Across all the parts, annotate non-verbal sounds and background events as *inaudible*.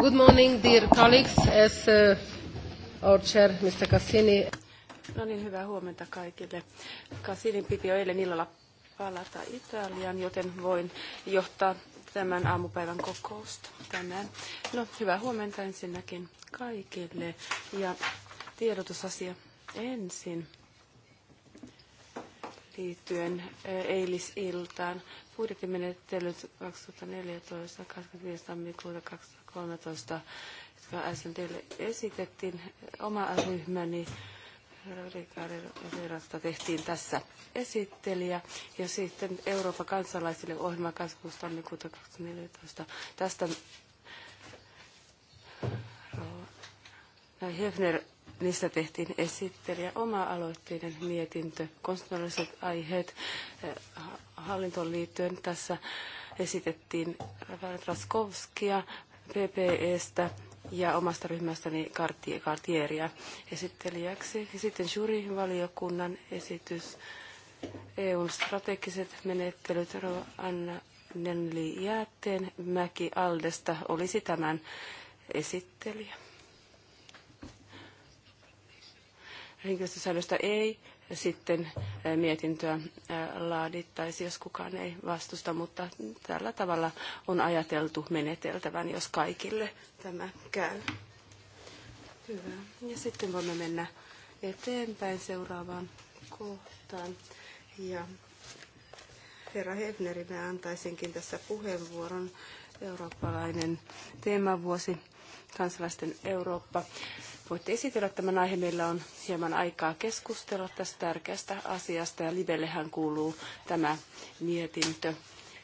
Good morning, dear colleagues. As uh, our chair, Mr. Cassini. No niin, hyvää huomenta kaikille. Cassinin piti jo eilen illalla palata Italiaan, joten voin johtaa tämän aamupäivän kokousta tänään. No, hyvää huomenta ensinnäkin kaikille. Ja tiedotusasia ensin liittyen eilisiltaan. Budjettimenettelyt 2014, 25. tammikuuta 2013, jotka SNTlle esitettiin. Oma ryhmäni Rikaarirasta tehtiin tässä esittelijä. Ja sitten Euroopan kansalaisille ohjelma 26. tammikuuta 2014. Tästä Hefner niistä tehtiin esittelijä oma-aloitteinen mietintö, konstitutionaaliset aiheet eh, hallintoon liittyen. Tässä esitettiin Raskovskia PPEstä ja omasta ryhmästäni Kartieria esittelijäksi. Sitten juurivaliokunnan esitys, EUn strategiset menettelyt, Anna Jäätteen, Mäki Aldesta olisi tämän esittelijä. henkilöstösäännöstä ei sitten mietintöä laadittaisi, jos kukaan ei vastusta, mutta tällä tavalla on ajateltu meneteltävän, jos kaikille tämä käy. Hyvä. Ja sitten voimme mennä eteenpäin seuraavaan kohtaan. Ja herra Hefnerille antaisinkin tässä puheenvuoron eurooppalainen teemavuosi kansalaisten Eurooppa. Voitte esitellä tämän aiheen. Meillä on hieman aikaa keskustella tästä tärkeästä asiasta ja Libellehän kuuluu tämä mietintö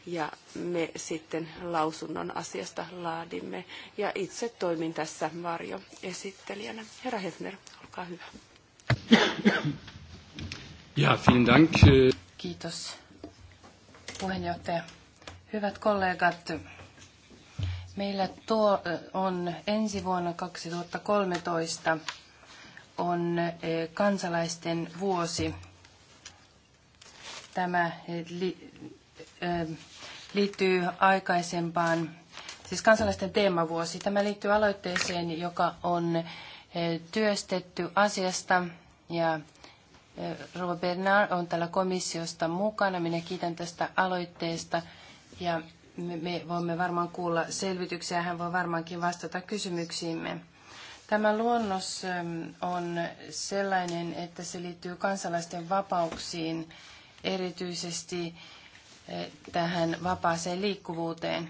ja me sitten lausunnon asiasta laadimme. Ja itse toimin tässä varjoesittelijänä. Herra Hefner, olkaa hyvä. Ja, vielen dank. Kiitos puheenjohtaja. Hyvät kollegat, Meillä tuo on ensi vuonna 2013 on kansalaisten vuosi. Tämä liittyy aikaisempaan, siis kansalaisten teemavuosi. Tämä liittyy aloitteeseen, joka on työstetty asiasta ja Robert Bernard on täällä komissiosta mukana. Minä kiitän tästä aloitteesta ja me voimme varmaan kuulla selvityksiä, hän voi varmaankin vastata kysymyksiimme. Tämä luonnos ähm, on sellainen, että se liittyy kansalaisten vapauksiin, erityisesti äh, tähän vapaaseen liikkuvuuteen.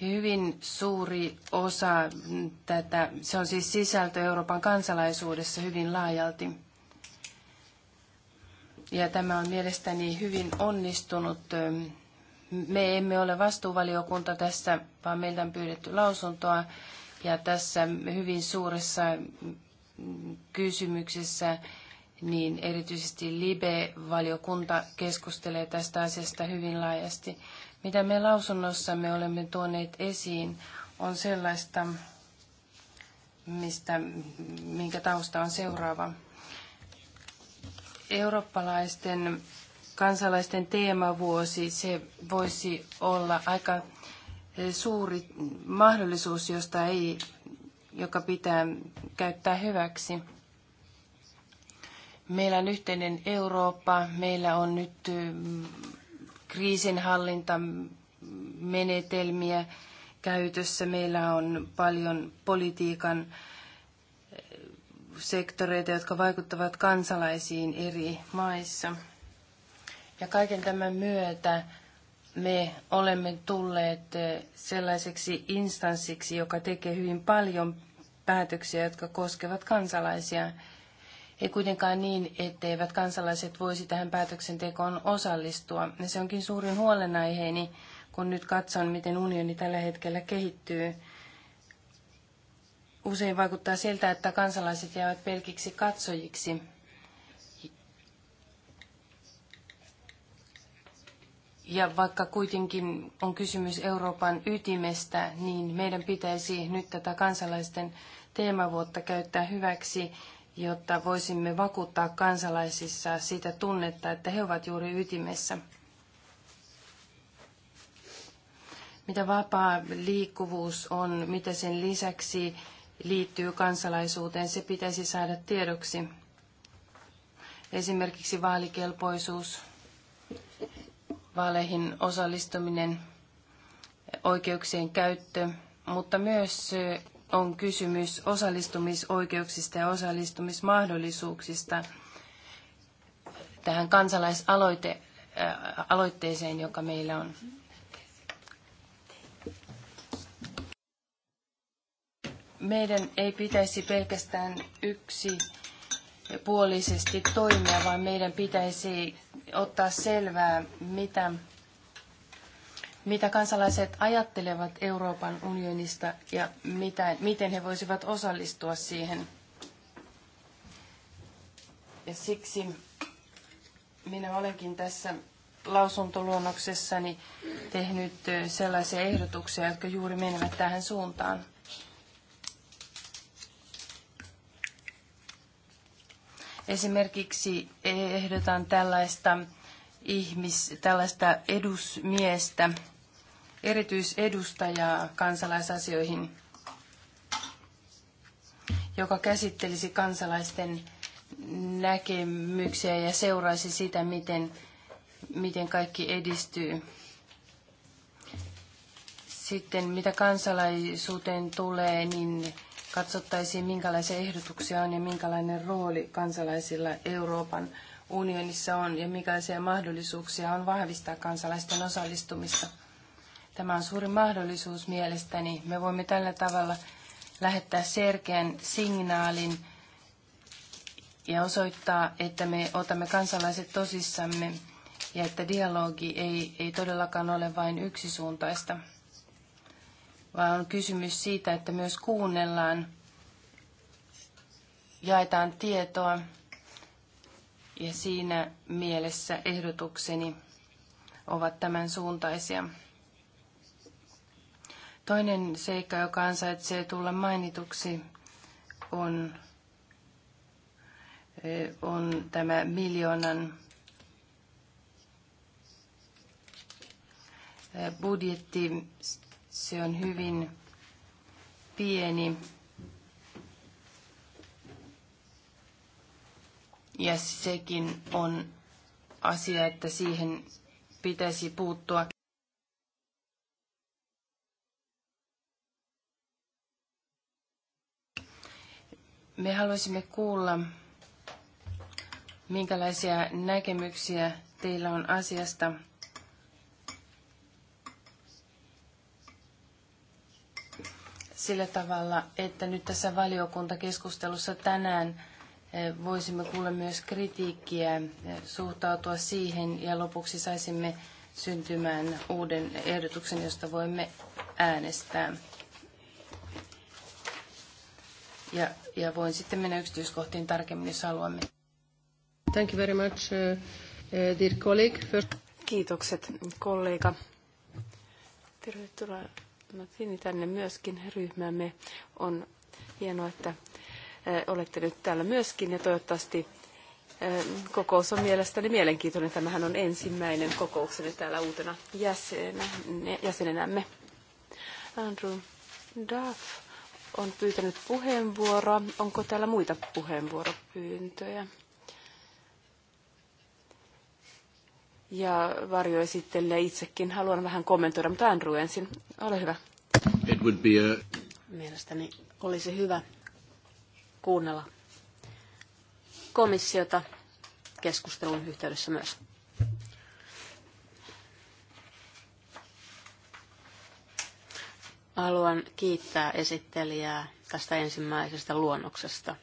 Hyvin suuri osa mm, tätä, se on siis sisältö Euroopan kansalaisuudessa hyvin laajalti. Ja tämä on mielestäni hyvin onnistunut. Me emme ole vastuuvaliokunta tässä, vaan meiltä on pyydetty lausuntoa. Ja tässä hyvin suuressa mm, kysymyksessä niin erityisesti LIBE-valiokunta keskustelee tästä asiasta hyvin laajasti. Mitä me lausunnossamme olemme tuoneet esiin, on sellaista, mistä, minkä tausta on seuraava eurooppalaisten kansalaisten teemavuosi, se voisi olla aika eh, suuri mahdollisuus, josta ei, joka pitää käyttää hyväksi. Meillä on yhteinen Eurooppa, meillä on nyt eh, kriisinhallintamenetelmiä käytössä, meillä on paljon politiikan sektoreita, jotka vaikuttavat kansalaisiin eri maissa. Ja kaiken tämän myötä me olemme tulleet eh, sellaiseksi instanssiksi, joka tekee hyvin paljon päätöksiä, jotka koskevat kansalaisia. Ei kuitenkaan niin, etteivät kansalaiset voisi tähän päätöksentekoon osallistua. Ja se onkin suurin huolenaiheeni, kun nyt katson, miten unioni tällä hetkellä kehittyy Usein vaikuttaa siltä, että kansalaiset jäävät pelkiksi katsojiksi. Ja vaikka kuitenkin on kysymys Euroopan ytimestä, niin meidän pitäisi nyt tätä kansalaisten teemavuotta käyttää hyväksi, jotta voisimme vakuuttaa kansalaisissa sitä tunnetta, että he ovat juuri ytimessä. Mitä vapaa liikkuvuus on, mitä sen lisäksi liittyy kansalaisuuteen, se pitäisi saada tiedoksi. Esimerkiksi vaalikelpoisuus, vaaleihin osallistuminen, oikeuksien käyttö, mutta myös on kysymys osallistumisoikeuksista ja osallistumismahdollisuuksista tähän kansalaisaloitteeseen, joka meillä on. meidän ei pitäisi pelkästään yksi puolisesti toimia, vaan meidän pitäisi ottaa selvää, mitä, mitä kansalaiset ajattelevat Euroopan unionista ja mitä, miten he voisivat osallistua siihen. Ja siksi minä olenkin tässä lausuntoluonnoksessani tehnyt sellaisia ehdotuksia, jotka juuri menevät tähän suuntaan. Esimerkiksi ehdotan tällaista, ihmis, tällaista edusmiestä, erityisedustajaa kansalaisasioihin, joka käsittelisi kansalaisten näkemyksiä ja seuraisi sitä, miten, miten kaikki edistyy. Sitten mitä kansalaisuuteen tulee, niin katsottaisiin, minkälaisia ehdotuksia on ja minkälainen rooli kansalaisilla Euroopan unionissa on ja minkälaisia mahdollisuuksia on vahvistaa kansalaisten osallistumista. Tämä on suuri mahdollisuus mielestäni. Me voimme tällä tavalla lähettää selkeän signaalin ja osoittaa, että me otamme kansalaiset tosissamme ja että dialogi ei, ei todellakaan ole vain yksisuuntaista vaan äh, on kysymys siitä, että myös kuunnellaan, jaetaan tietoa. Ja siinä mielessä ehdotukseni ovat tämän suuntaisia. Toinen seikka, joka ansaitsee tulla mainituksi, on, äh, on tämä miljoonan äh, budjetti se on hyvin pieni. Ja sekin on asia, että siihen pitäisi puuttua. Me haluaisimme kuulla, minkälaisia näkemyksiä teillä on asiasta. sillä tavalla, että nyt tässä valiokuntakeskustelussa tänään eh, voisimme kuulla myös kritiikkiä, eh, suhtautua siihen ja lopuksi saisimme syntymään uuden ehdotuksen, josta voimme äänestää. Ja, ja voin sitten mennä yksityiskohtiin tarkemmin, jos haluamme. Thank you very much, uh, dear colleague. First... Kiitokset, kollega. Tervetuloa Matsini tänne myöskin ryhmämme. On hienoa, että olette nyt täällä myöskin ja toivottavasti kokous on mielestäni mielenkiintoinen. Tämähän on ensimmäinen kokouksenne täällä uutena jäsenenä, jäsenenämme. Andrew Duff on pyytänyt puheenvuoroa. Onko täällä muita puheenvuoropyyntöjä? ja varjoesittelee itsekin. Haluan vähän kommentoida, mutta Andrew ensin. Ole hyvä. It would be a... Mielestäni olisi hyvä kuunnella komissiota keskustelun yhteydessä myös. Haluan kiittää esittelijää tästä ensimmäisestä luonnoksesta –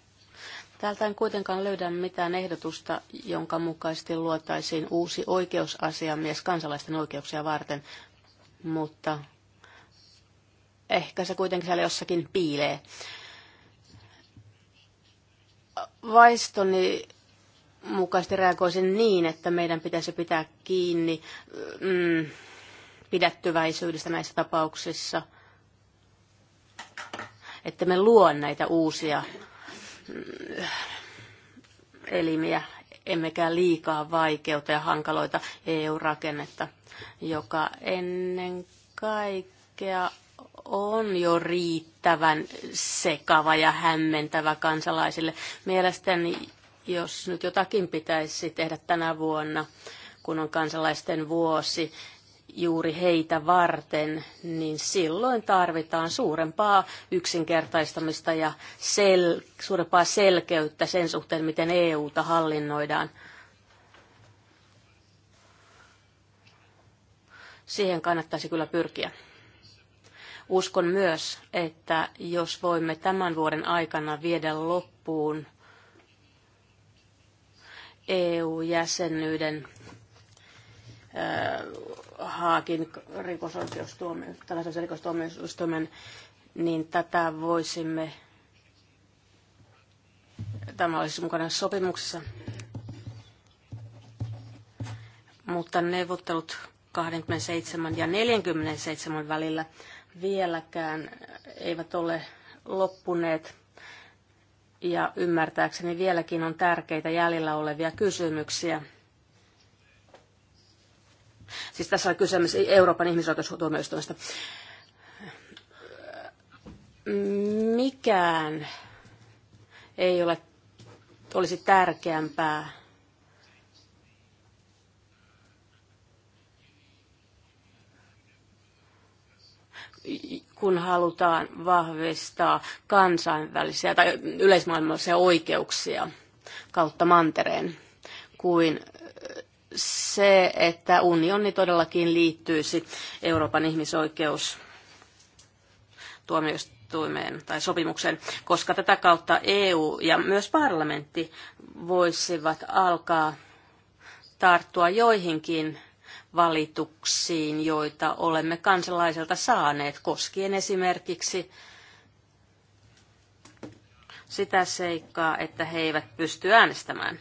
Täältä en kuitenkaan löydä mitään ehdotusta, jonka mukaisesti luotaisiin uusi oikeusasiamies kansalaisten oikeuksia varten, mutta ehkä se kuitenkin siellä jossakin piilee. Vaistoni mukaisesti reagoisin niin, että meidän pitäisi pitää kiinni mm, pidättyväisyydestä näissä tapauksissa, että me luon näitä uusia elimiä, emmekä liikaa vaikeuta ja hankaloita EU-rakennetta, joka ennen kaikkea on jo riittävän sekava ja hämmentävä kansalaisille. Mielestäni, jos nyt jotakin pitäisi tehdä tänä vuonna, kun on kansalaisten vuosi, juuri heitä varten, niin silloin tarvitaan suurempaa yksinkertaistamista ja sel- suurempaa selkeyttä sen suhteen, miten EUta hallinnoidaan. Siihen kannattaisi kyllä pyrkiä. Uskon myös, että jos voimme tämän vuoden aikana viedä loppuun EU-jäsenyyden Haakin rikosoikeustuomioistuimen, niin tätä voisimme, tämä olisi mukana sopimuksessa, mutta neuvottelut 27 ja 47 välillä vieläkään eivät ole loppuneet. Ja ymmärtääkseni vieläkin on tärkeitä jäljellä olevia kysymyksiä Siis tässä on kysymys Euroopan ihmisoikeustuomioistuimesta. Mikään ei ole, olisi tärkeämpää kun halutaan vahvistaa kansainvälisiä tai yleismaailmallisia oikeuksia kautta mantereen kuin se, että unioni todellakin liittyisi Euroopan ihmisoikeus tuomioistuimeen tai sopimukseen, koska tätä kautta EU ja myös parlamentti voisivat alkaa tarttua joihinkin valituksiin, joita olemme kansalaisilta saaneet, koskien esimerkiksi sitä seikkaa, että he eivät pysty äänestämään.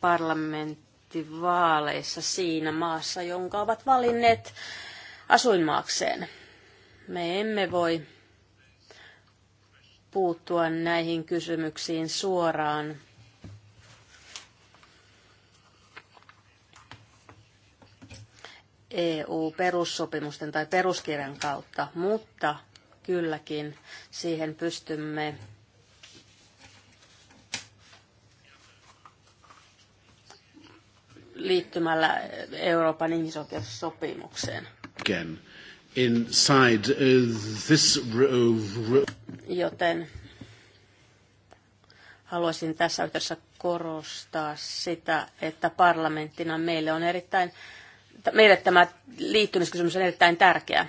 parlamenttivaaleissa siinä maassa, jonka ovat valinneet asuinmaakseen. Me emme voi puuttua näihin kysymyksiin suoraan. EU-perussopimusten tai peruskirjan kautta, mutta kylläkin siihen pystymme liittymällä Euroopan ihmisoikeussopimukseen. Again. Inside, uh, this... Uh, Joten haluaisin tässä yhteydessä korostaa sitä, että parlamenttina meille on erittäin, meille tämä liittymiskysymys on erittäin tärkeä.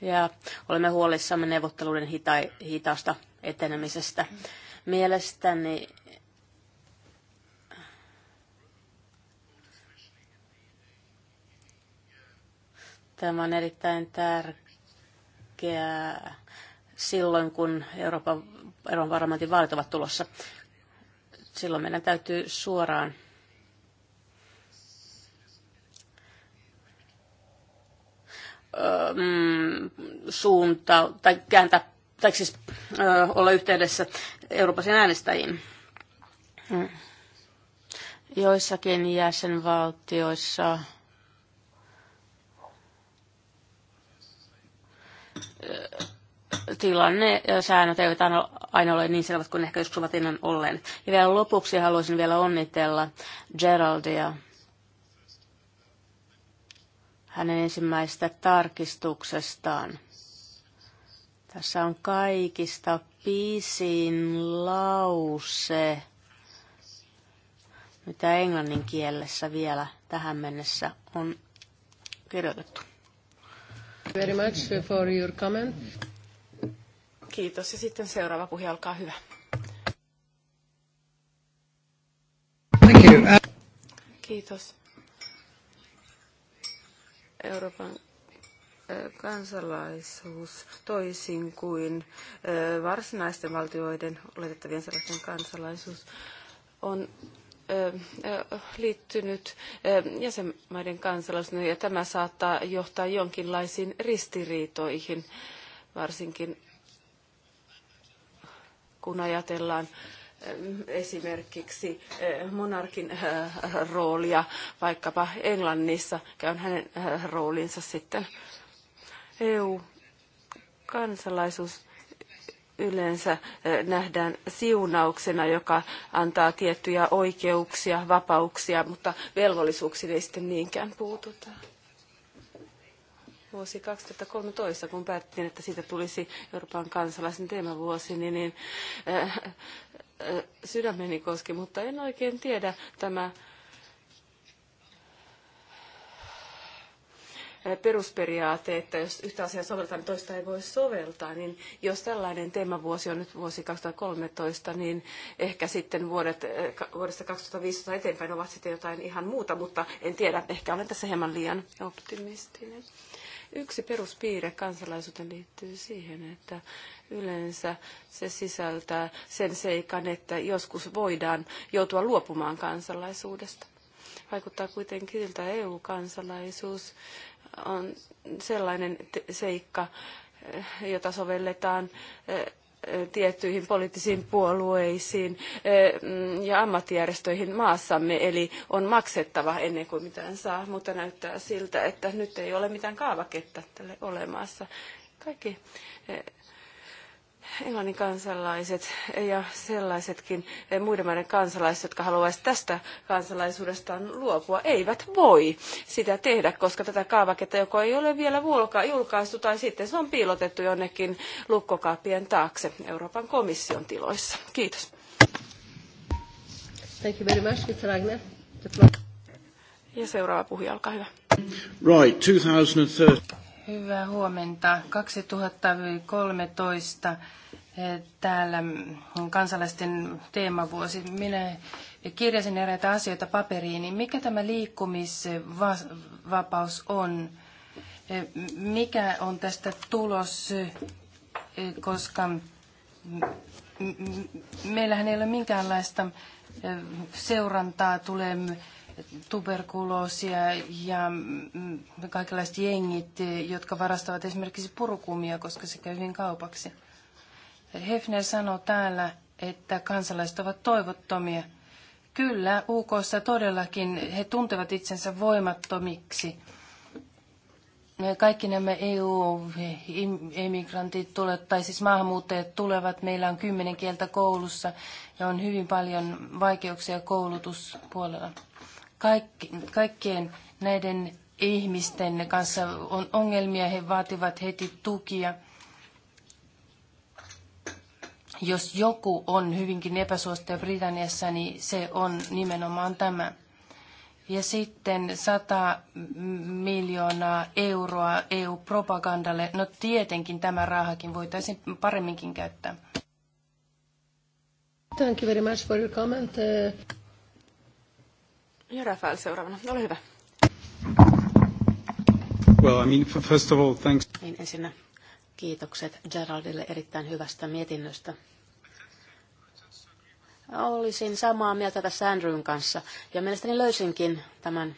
Ja olemme huolissamme neuvotteluiden hita- hitaasta etenemisestä. Mielestäni Tämä on erittäin tärkeää silloin, kun Euroopan, Euroopan parlamentin vaalit ovat tulossa. Silloin meidän täytyy suoraan mm, suunta tai kääntää, tai siis ö, olla yhteydessä Euroopan äänestäjiin. Mm. Joissakin jäsenvaltioissa tilanne ja säännöt eivät aina ole niin selvät kuin ehkä joskus ovat ennen olleet. Ja vielä lopuksi haluaisin vielä onnitella Geraldia hänen ensimmäisestä tarkistuksestaan. Tässä on kaikista pisin lause, mitä englannin kielessä vielä tähän mennessä on kirjoitettu you Very much for your comment. Kiitos. Ja sitten seuraava puhe, olkaa hyvä. Thank you. Uh, Kiitos. Euroopan kansalaisuus toisin kuin varsinaisten valtioiden oletettavien sellaisten kansalaisuus on liittynyt jäsenmaiden kansalaisena ja tämä saattaa johtaa jonkinlaisiin ristiriitoihin, varsinkin kun ajatellaan esimerkiksi monarkin roolia vaikkapa Englannissa, käyn hänen roolinsa sitten EU-kansalaisuus yleensä eh, nähdään siunauksena, joka antaa tiettyjä oikeuksia, vapauksia, mutta velvollisuuksiin ei sitten niinkään puututa. Vuosi 2013, kun päätettiin, että siitä tulisi Euroopan kansalaisen teemavuosi, niin, niin äh, äh, sydämeni koski, mutta en oikein tiedä tämä perusperiaate, että jos yhtä asiaa soveltaa, niin toista ei voi soveltaa, niin jos tällainen teemavuosi on nyt vuosi 2013, niin ehkä sitten vuodet, eh, vuodesta 2015 eteenpäin ovat sitten jotain ihan muuta, mutta en tiedä, ehkä olen tässä hieman liian optimistinen. Yksi peruspiirre kansalaisuuteen liittyy siihen, että yleensä se sisältää sen seikan, että joskus voidaan joutua luopumaan kansalaisuudesta vaikuttaa kuitenkin siltä EU-kansalaisuus on sellainen seikka, eh, jota sovelletaan eh, eh, tiettyihin poliittisiin puolueisiin mm, ja ammattijärjestöihin maassamme, eli on maksettava ennen kuin mitään saa, mutta näyttää siltä, että nyt ei ole mitään kaavaketta tälle olemassa. Kaikki Englannin kansalaiset ja sellaisetkin eh, muiden maiden kansalaiset, jotka haluaisivat tästä kansalaisuudestaan luopua, eivät voi sitä tehdä, koska tätä kaavaketta joko ei ole vielä julkaistu tai sitten se on piilotettu jonnekin lukkokaappien taakse Euroopan komission tiloissa. Kiitos. Thank you very much, Mr. Ja seuraava puhuja, olkaa hyvä. Right, 2013. Hyvää huomenta. 2013 eh, täällä kansalaisten teemavuosi. Minä kirjasin eräitä asioita paperiin. Niin mikä tämä liikkumisvapaus on? Eh, mikä on tästä tulos? Eh, koska meillähän ei ole minkäänlaista seurantaa tulee tuberkuloosia ja mm, kaikenlaiset jengit, jotka varastavat esimerkiksi purukumia, koska se käy hyvin kaupaksi. Hefner sanoo täällä, että kansalaiset ovat toivottomia. Kyllä, UK todellakin he tuntevat itsensä voimattomiksi. Kaikki nämä EU-emigrantit tulevat, tai siis maahanmuuttajat tulevat. Meillä on kymmenen kieltä koulussa ja on hyvin paljon vaikeuksia koulutuspuolella. Kaikki, kaikkien näiden ihmisten kanssa on ongelmia, he vaativat heti tukia. Jos joku on hyvinkin epäsuosittu Britanniassa, niin se on nimenomaan tämä. Ja sitten 100 miljoonaa euroa EU-propagandalle. No tietenkin tämä rahakin voitaisiin paremminkin käyttää. Thank you very much for your comment. Uh, Rafael seuraavana, ole hyvä. Well, I mean, first of all, thanks. Niin ensinnä kiitokset Geraldille erittäin hyvästä mietinnöstä. Olisin samaa mieltä tässä Andrewn kanssa ja mielestäni löysinkin tämän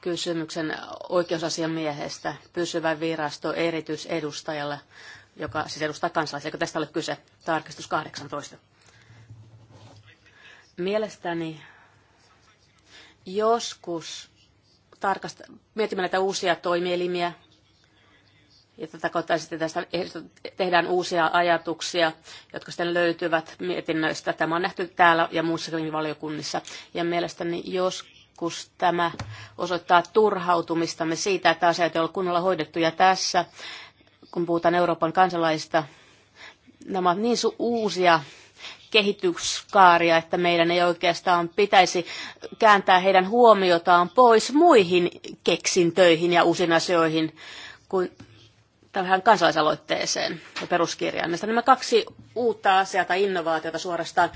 kysymyksen oikeusasiamiehestä, pysyvä virasto erityisedustajalle, joka siis edustaa kansalaisia, eikö tästä ole kyse, tarkistus 18. Mielestäni Joskus tarkast mietimme näitä uusia toimielimiä, ja tätä kautta sitten tästä tehdään uusia ajatuksia, jotka sitten löytyvät mietinnöistä. Tämä on nähty täällä ja muissakin valiokunnissa. Ja mielestäni joskus tämä osoittaa turhautumistamme siitä, että asiat ei ole kunnolla hoidettu. Ja tässä, kun puhutaan Euroopan kansalaisista, nämä ovat niin su- uusia kehityskaaria, että meidän ei oikeastaan pitäisi kääntää heidän huomiotaan pois muihin keksintöihin ja uusiin asioihin kuin tähän kansalaisaloitteeseen ja peruskirjaan. Näistä nämä kaksi uutta asiaa tai innovaatiota suorastaan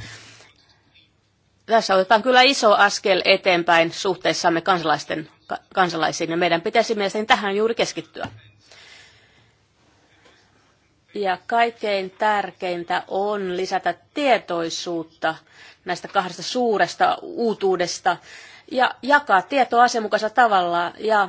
tässä otetaan kyllä iso askel eteenpäin suhteessamme kansalaisten, kansalaisiin, ja meidän pitäisi mielestäni tähän juuri keskittyä. Ja kaikkein tärkeintä on lisätä tietoisuutta näistä kahdesta suuresta uutuudesta ja jakaa tietoa asianmukaisella tavalla ja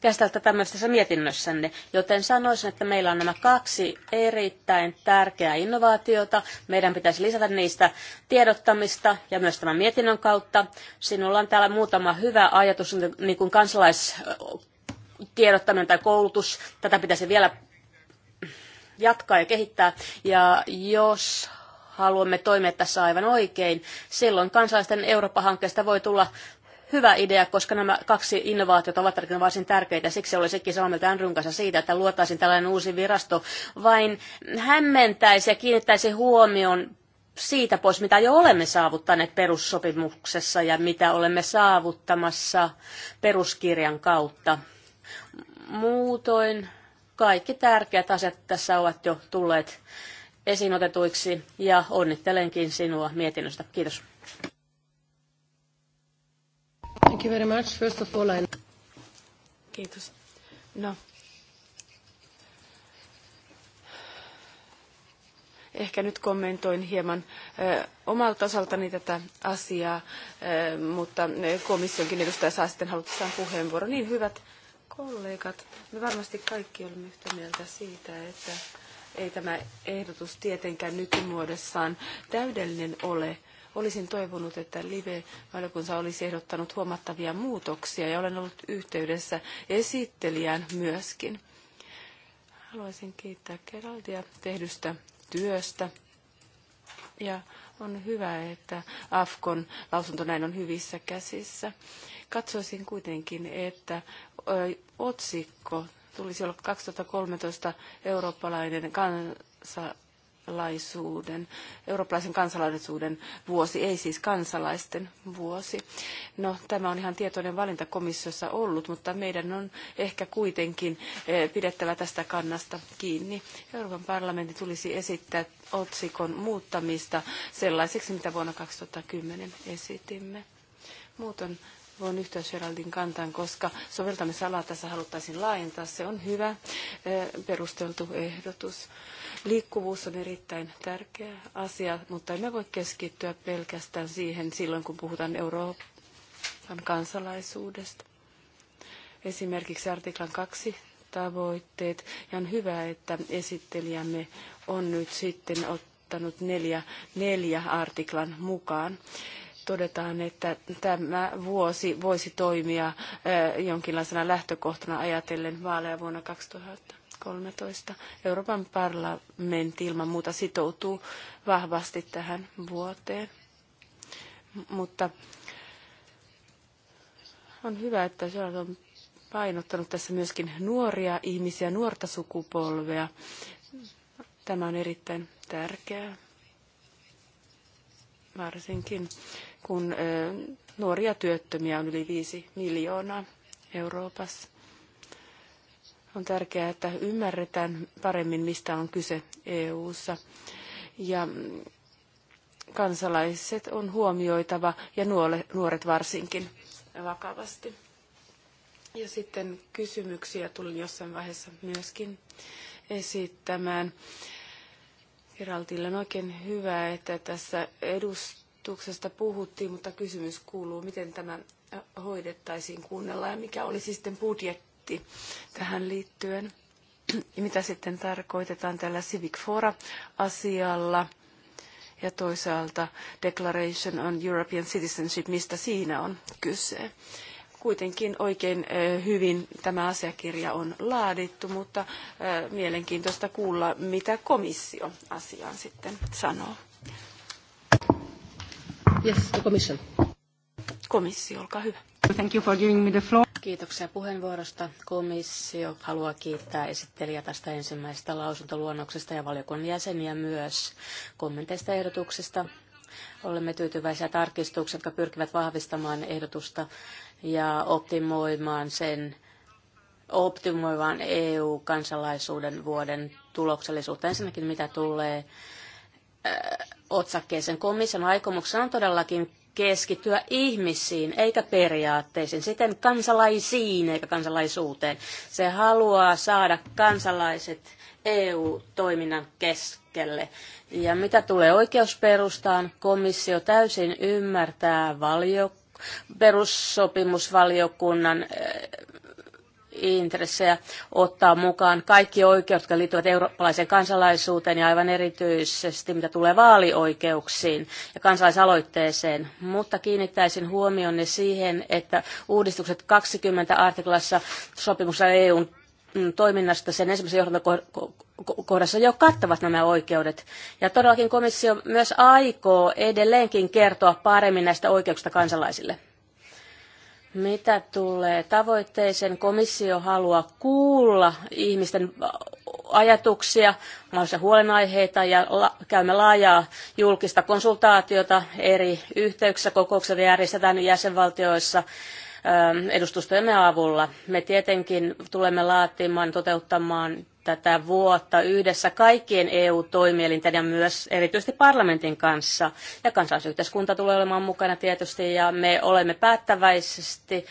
käsitellä tätä mietinnössänne. Joten sanoisin, että meillä on nämä kaksi erittäin tärkeää innovaatiota. Meidän pitäisi lisätä niistä tiedottamista ja myös tämän mietinnön kautta. Sinulla on täällä muutama hyvä ajatus, niin kuin kansalais tiedottaminen tai koulutus. Tätä pitäisi vielä jatkaa ja kehittää. Ja jos haluamme toimia tässä aivan oikein, silloin kansalaisten Eurooppa-hankkeesta voi tulla hyvä idea, koska nämä kaksi innovaatiota ovat varsin tärkeitä. Siksi olisikin samaa mieltä Andrun kanssa siitä, että luotaisiin tällainen uusi virasto, vain hämmentäisi ja kiinnittäisi huomion siitä pois, mitä jo olemme saavuttaneet perussopimuksessa ja mitä olemme saavuttamassa peruskirjan kautta. Muutoin kaikki tärkeät asiat tässä ovat jo tulleet esiin otetuiksi ja onnittelenkin sinua mietinnöstä. Kiitos. Thank you very much. First of all, I... Kiitos. No. Ehkä nyt kommentoin hieman ö, omalta osaltani tätä asiaa, ö, mutta komissionkin edustaja saa sitten halutessaan puheenvuoro. Niin hyvät kollegat, me varmasti kaikki olemme yhtä mieltä siitä, että ei tämä ehdotus tietenkään nykymuodossaan täydellinen ole. Olisin toivonut, että Live-valiokunta olisi ehdottanut huomattavia muutoksia ja olen ollut yhteydessä esittelijään myöskin. Haluaisin kiittää Keraldia tehdystä työstä ja on hyvä, että Afkon lausunto näin on hyvissä käsissä. Katsoisin kuitenkin, että otsikko tulisi olla 2013 eurooppalainen kansalaisuuden, eurooppalaisen kansalaisuuden vuosi, ei siis kansalaisten vuosi. No, tämä on ihan tietoinen valinta komissiossa ollut, mutta meidän on ehkä kuitenkin pidettävä tästä kannasta kiinni. Euroopan parlamentti tulisi esittää otsikon muuttamista sellaiseksi, mitä vuonna 2010 esitimme. Muuton voin yhtyä Geraldin kantaan, koska soveltamisalaa tässä haluttaisiin laajentaa. Se on hyvä, eh, perusteltu ehdotus. Liikkuvuus on erittäin tärkeä asia, mutta emme voi keskittyä pelkästään siihen silloin, kun puhutaan Euroopan kansalaisuudesta. Esimerkiksi artiklan kaksi tavoitteet. Ja on hyvä, että esittelijämme on nyt sitten ottanut neljä, neljä artiklan mukaan todetaan, että tämä vuosi voisi toimia jonkinlaisena lähtökohtana ajatellen vaaleja vuonna 2013. Euroopan parlamentti ilman muuta sitoutuu vahvasti tähän vuoteen. Mutta on hyvä, että se on painottanut tässä myöskin nuoria ihmisiä, nuorta sukupolvea. Tämä on erittäin tärkeää varsinkin kun nuoria työttömiä on yli viisi miljoonaa Euroopassa. On tärkeää, että ymmärretään paremmin, mistä on kyse EU:ssa. Ja kansalaiset on huomioitava ja nuoret varsinkin vakavasti. Ja sitten kysymyksiä tulin jossain vaiheessa myöskin esittämään. Geraltille on oikein hyvä, että tässä edustaa rahoituksesta puhuttiin, mutta kysymys kuuluu, miten tämä äh, hoidettaisiin kunnella ja mikä olisi sitten budjetti tähän liittyen. Ja mitä sitten tarkoitetaan tällä Civic Fora-asialla ja toisaalta Declaration on European Citizenship, mistä siinä on kyse. Kuitenkin oikein äh, hyvin tämä asiakirja on laadittu, mutta äh, mielenkiintoista kuulla, mitä komissio asiaan sitten sanoo. Yes, the commission. Komissio, olkaa hyvä. Thank you for giving me the floor. Kiitoksia puheenvuorosta. Komissio haluaa kiittää esittelijä tästä ensimmäisestä lausuntoluonnoksesta ja valiokunnan jäseniä myös kommenteista ja ehdotuksista. Olemme tyytyväisiä tarkistuksiin, jotka pyrkivät vahvistamaan ehdotusta ja optimoimaan sen optimoivan EU-kansalaisuuden vuoden tuloksellisuutta. Ensinnäkin mitä tulee äh, otsakkeeseen. Komission aikomuksena on todellakin keskittyä ihmisiin eikä periaatteisiin, siten kansalaisiin eikä kansalaisuuteen. Se haluaa saada kansalaiset EU-toiminnan keskelle. Ja mitä tulee oikeusperustaan, komissio täysin ymmärtää valio, perussopimusvaliokunnan intressejä ottaa mukaan kaikki oikeudet, jotka liittyvät eurooppalaiseen kansalaisuuteen ja aivan erityisesti mitä tulee vaalioikeuksiin ja kansalaisaloitteeseen. Mutta kiinnittäisin huomionne siihen, että uudistukset 20 artiklassa sopimuksessa EUn toiminnasta sen ensimmäisen johdantokohdassa jo kattavat nämä oikeudet. Ja todellakin komissio myös aikoo edelleenkin kertoa paremmin näistä oikeuksista kansalaisille. Mitä tulee tavoitteeseen, komissio haluaa kuulla ihmisten ajatuksia, mahdollisia huolenaiheita ja la- käymme laajaa julkista konsultaatiota eri yhteyksissä, kokoukset järjestetään jäsenvaltioissa Ähm, edustustojemme avulla. Me tietenkin tulemme laatimaan, toteuttamaan tätä vuotta yhdessä kaikkien EU-toimielinten ja myös erityisesti parlamentin kanssa. Ja kansalaisyhteiskunta tulee olemaan mukana tietysti ja me olemme päättäväisesti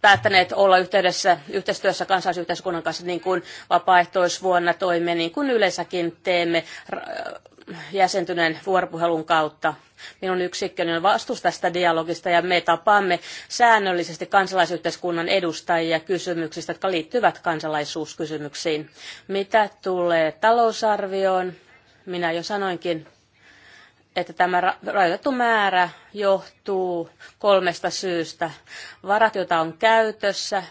päättäneet olla yhteydessä, yhteistyössä kansalaisyhteiskunnan kanssa niin kuin vapaaehtoisvuonna toimme, niin kuin yleensäkin teemme jäsentyneen vuoropuhelun kautta. Minun yksikköni on vastuus tästä dialogista ja me tapaamme säännöllisesti kansalaisyhteiskunnan edustajia kysymyksistä, jotka liittyvät kansalaisuuskysymyksiin. Mitä tulee talousarvioon, minä jo sanoinkin, että tämä rajoitettu määrä johtuu kolmesta syystä. Varat, joita on käytössä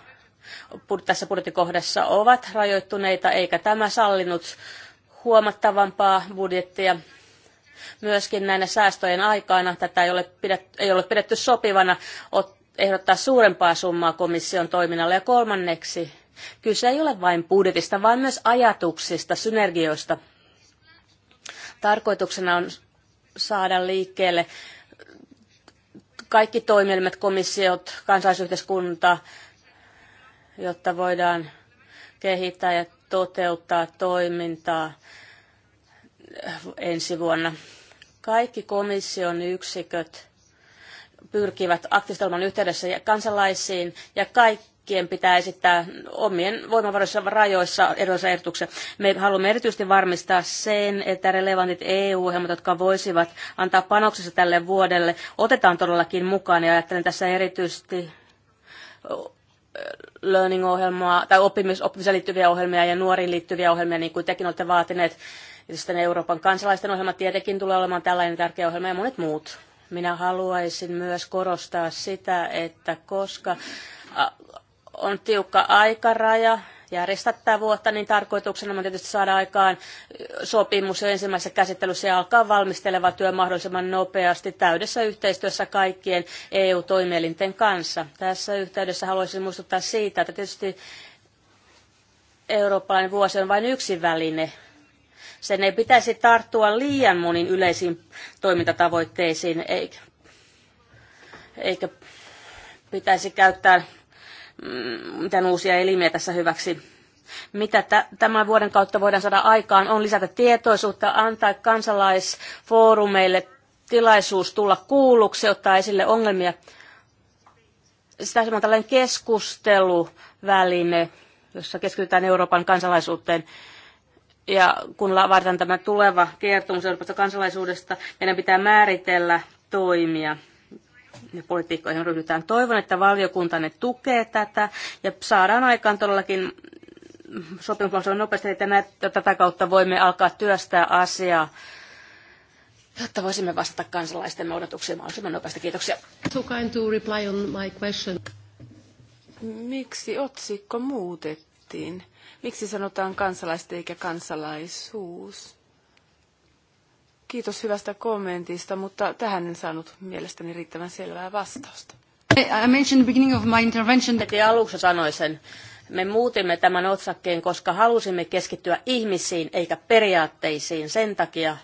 tässä budjettikohdassa, ovat rajoittuneita, eikä tämä sallinut huomattavampaa budjettia myöskin näinä säästöjen aikana. Tätä ei ole pidetty, ei ole pidetty sopivana ehdottaa suurempaa summaa komission toiminnalle. Ja kolmanneksi, kyse ei ole vain budjetista, vaan myös ajatuksista, synergioista. Tarkoituksena on saada liikkeelle kaikki toimielimet, komissiot, kansalaisyhteiskunta, jotta voidaan kehittää ja toteuttaa toimintaa eh, ensi vuonna. Kaikki komission yksiköt pyrkivät aktiivistoimaan yhteydessä kansalaisiin ja kaikkien pitää esittää omien voimavaroissa rajoissa erilaisia ehdotuksia. Me haluamme erityisesti varmistaa sen, että relevantit EU-ohjelmat, jotka voisivat antaa panoksessa tälle vuodelle, otetaan todellakin mukaan ja ajattelen tässä erityisesti learning-ohjelmaa tai oppimis, oppimiseen liittyviä ohjelmia ja nuoriin liittyviä ohjelmia, niin kuin tekin olette vaatineet. Ja sitten Euroopan kansalaisten ohjelma tietenkin tulee olemaan tällainen tärkeä ohjelma ja monet muut. Minä haluaisin myös korostaa sitä, että koska on tiukka aikaraja, järjestää tätä vuotta, niin tarkoituksena on tietysti saada aikaan sopimus jo ensimmäisessä käsittelyssä ja alkaa valmisteleva työ mahdollisimman nopeasti täydessä yhteistyössä kaikkien EU-toimielinten kanssa. Tässä yhteydessä haluaisin muistuttaa siitä, että tietysti eurooppalainen vuosi on vain yksi väline sen ei pitäisi tarttua liian moniin yleisiin toimintatavoitteisiin, eikä, eikä pitäisi käyttää Mm, Miten uusia elimiä tässä hyväksi. Mitä tämän vuoden kautta voidaan saada aikaan on lisätä tietoisuutta, antaa kansalaisfoorumeille tilaisuus tulla kuulluksi, ottaa esille ongelmia. Sitä on tällainen keskusteluväline, jossa keskitytään Euroopan kansalaisuuteen. Ja kun vaaditaan tämä tuleva kertomus Euroopasta kansalaisuudesta, meidän pitää määritellä toimia ja politiikkoihin ryhdytään. Toivon, että ne tukee tätä ja saadaan aikaan todellakin sopimus on nopeasti, että näitä, tätä kautta voimme alkaa työstää asiaa, jotta voisimme vastata kansalaisten odotuksiin mahdollisimman nopeasti. Kiitoksia. So kind to reply on my question. Miksi otsikko muutettiin? Miksi sanotaan kansalaiset eikä kansalaisuus? Kiitos hyvästä kommentista, mutta tähän en saanut mielestäni riittävän selvää vastausta. I mentioned the beginning of my intervention. Heti aluksi sanoin sen. Me muutimme tämän otsakkeen, koska halusimme keskittyä ihmisiin eikä periaatteisiin. Sen takia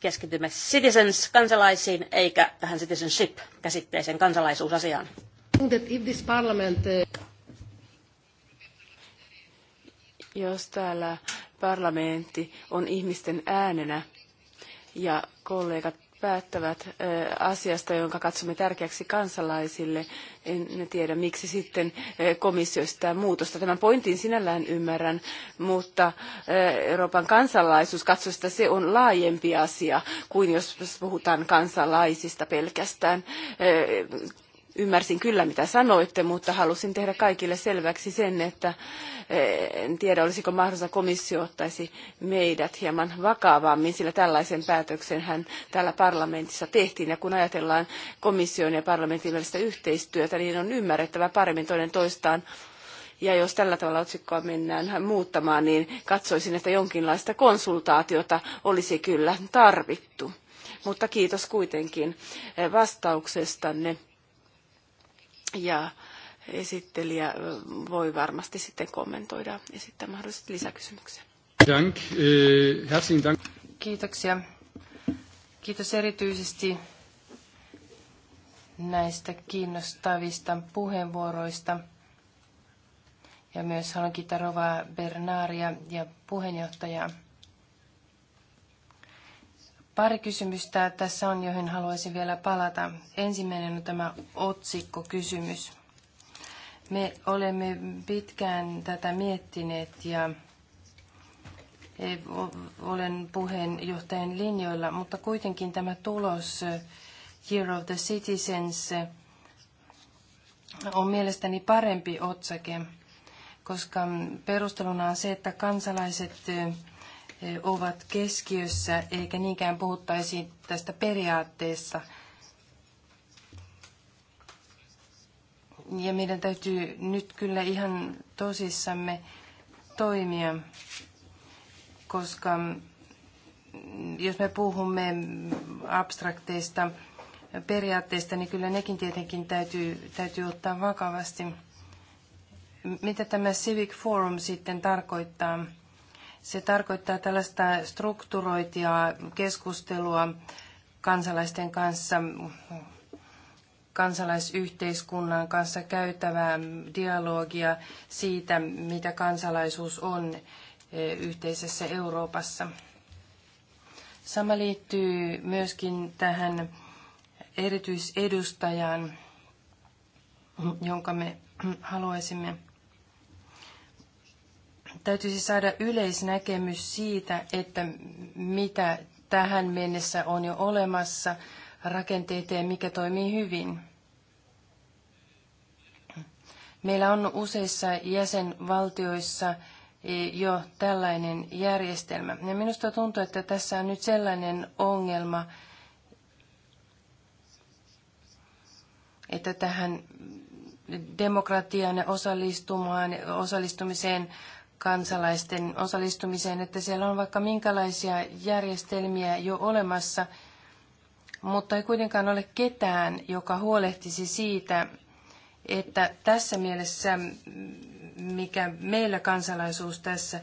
keskitymme citizens kansalaisiin eikä tähän citizenship käsitteeseen kansalaisuusasiaan. Eh, Jos täällä parlamentti on ihmisten äänenä, ja kollegat päättävät asiasta, jonka katsomme tärkeäksi kansalaisille. En tiedä, miksi sitten komissio muutosta. Tämän pointin sinällään ymmärrän, mutta Euroopan kansalaisuus, katso että se on laajempi asia kuin jos puhutaan kansalaisista pelkästään ymmärsin kyllä, mitä sanoitte, mutta halusin tehdä kaikille selväksi sen, että eh, en tiedä, olisiko mahdollista komissio ottaisi meidät hieman vakavammin, sillä tällaisen päätöksen hän täällä parlamentissa tehtiin. Ja kun ajatellaan komission ja parlamentin välistä yhteistyötä, niin on ymmärrettävä paremmin toinen toistaan ja jos tällä tavalla otsikkoa mennään muuttamaan, niin katsoisin, että jonkinlaista konsultaatiota olisi kyllä tarvittu. Mutta kiitos kuitenkin eh, vastauksestanne. Ja esittelijä voi varmasti sitten kommentoida ja esittää mahdollisesti lisäkysymyksiä. Dank, Dank. Kiitoksia. Kiitos erityisesti näistä kiinnostavista puheenvuoroista. Ja myös haluan kiittää Rova Bernaria ja puheenjohtajaa. Pari kysymystä tässä on, joihin haluaisin vielä palata. Ensimmäinen on tämä otsikkokysymys. Me olemme pitkään tätä miettineet ja olen puheenjohtajan linjoilla, mutta kuitenkin tämä tulos Year of the Citizens on mielestäni parempi otsake, koska perusteluna on se, että kansalaiset ovat keskiössä, eikä niinkään puhuttaisi tästä periaatteessa. Ja meidän täytyy nyt kyllä ihan tosissamme toimia, koska jos me puhumme abstrakteista periaatteista, niin kyllä nekin tietenkin täytyy, täytyy ottaa vakavasti. Mitä tämä Civic Forum sitten tarkoittaa? Se tarkoittaa tällaista strukturoitia keskustelua kansalaisten kanssa, kansalaisyhteiskunnan kanssa käytävää dialogia siitä, mitä kansalaisuus on e, yhteisessä Euroopassa. Sama liittyy myöskin tähän erityisedustajaan, jonka me haluaisimme täytyisi saada yleisnäkemys siitä, että mitä tähän mennessä on jo olemassa rakenteita ja mikä toimii hyvin. Meillä on useissa jäsenvaltioissa e, jo tällainen järjestelmä. Ja minusta tuntuu, että tässä on nyt sellainen ongelma, että tähän demokratian osallistumaan, osallistumiseen kansalaisten osallistumiseen, että siellä on vaikka minkälaisia järjestelmiä jo olemassa, mutta ei kuitenkaan ole ketään, joka huolehtisi siitä, että tässä mielessä, mikä meillä kansalaisuus tässä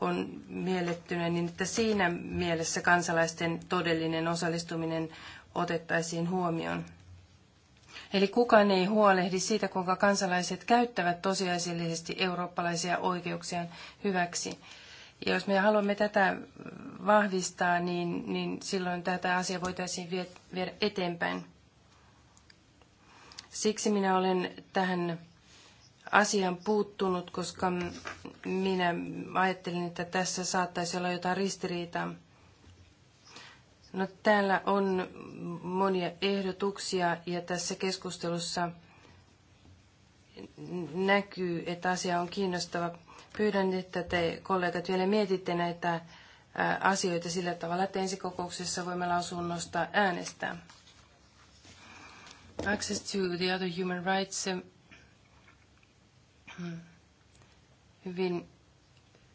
on miellettynä, niin että siinä mielessä kansalaisten todellinen osallistuminen otettaisiin huomioon. Eli kukaan ei huolehdi siitä, kuinka kansalaiset käyttävät tosiasiallisesti eurooppalaisia oikeuksiaan hyväksi. Ja jos me haluamme tätä vahvistaa, niin, niin silloin tätä asiaa voitaisiin viedä eteenpäin. Siksi minä olen tähän asiaan puuttunut, koska minä ajattelin, että tässä saattaisi olla jotain ristiriitaa. No, täällä on monia ehdotuksia ja tässä keskustelussa näkyy, että asia on kiinnostava. Pyydän, että te kollegat vielä mietitte näitä asioita sillä tavalla, että ensi kokouksessa voimme lausunnosta äänestää. Access to the other human rights. Hmm. Hyvin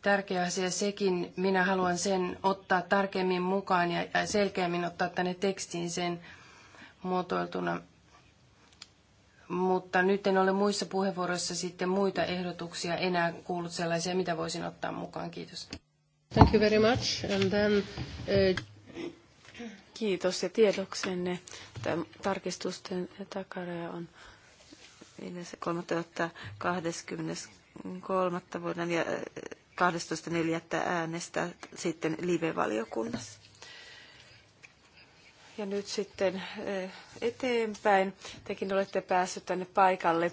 tärkeä asia sekin. Minä haluan sen ottaa tarkemmin mukaan ja selkeämmin ottaa tänne tekstiin sen muotoiltuna. Mutta nyt en ole muissa puheenvuoroissa sitten muita ehdotuksia enää kuullut sellaisia, mitä voisin ottaa mukaan. Kiitos. Thank you very much. And then, uh... Kiitos ja tiedoksenne. Tämä tarkistusten takaraja on 5.3.23. vuoden ja 12.4. äänestää sitten live-valiokunnassa. Ja nyt sitten eh, eteenpäin. Tekin olette päässyt tänne paikalle.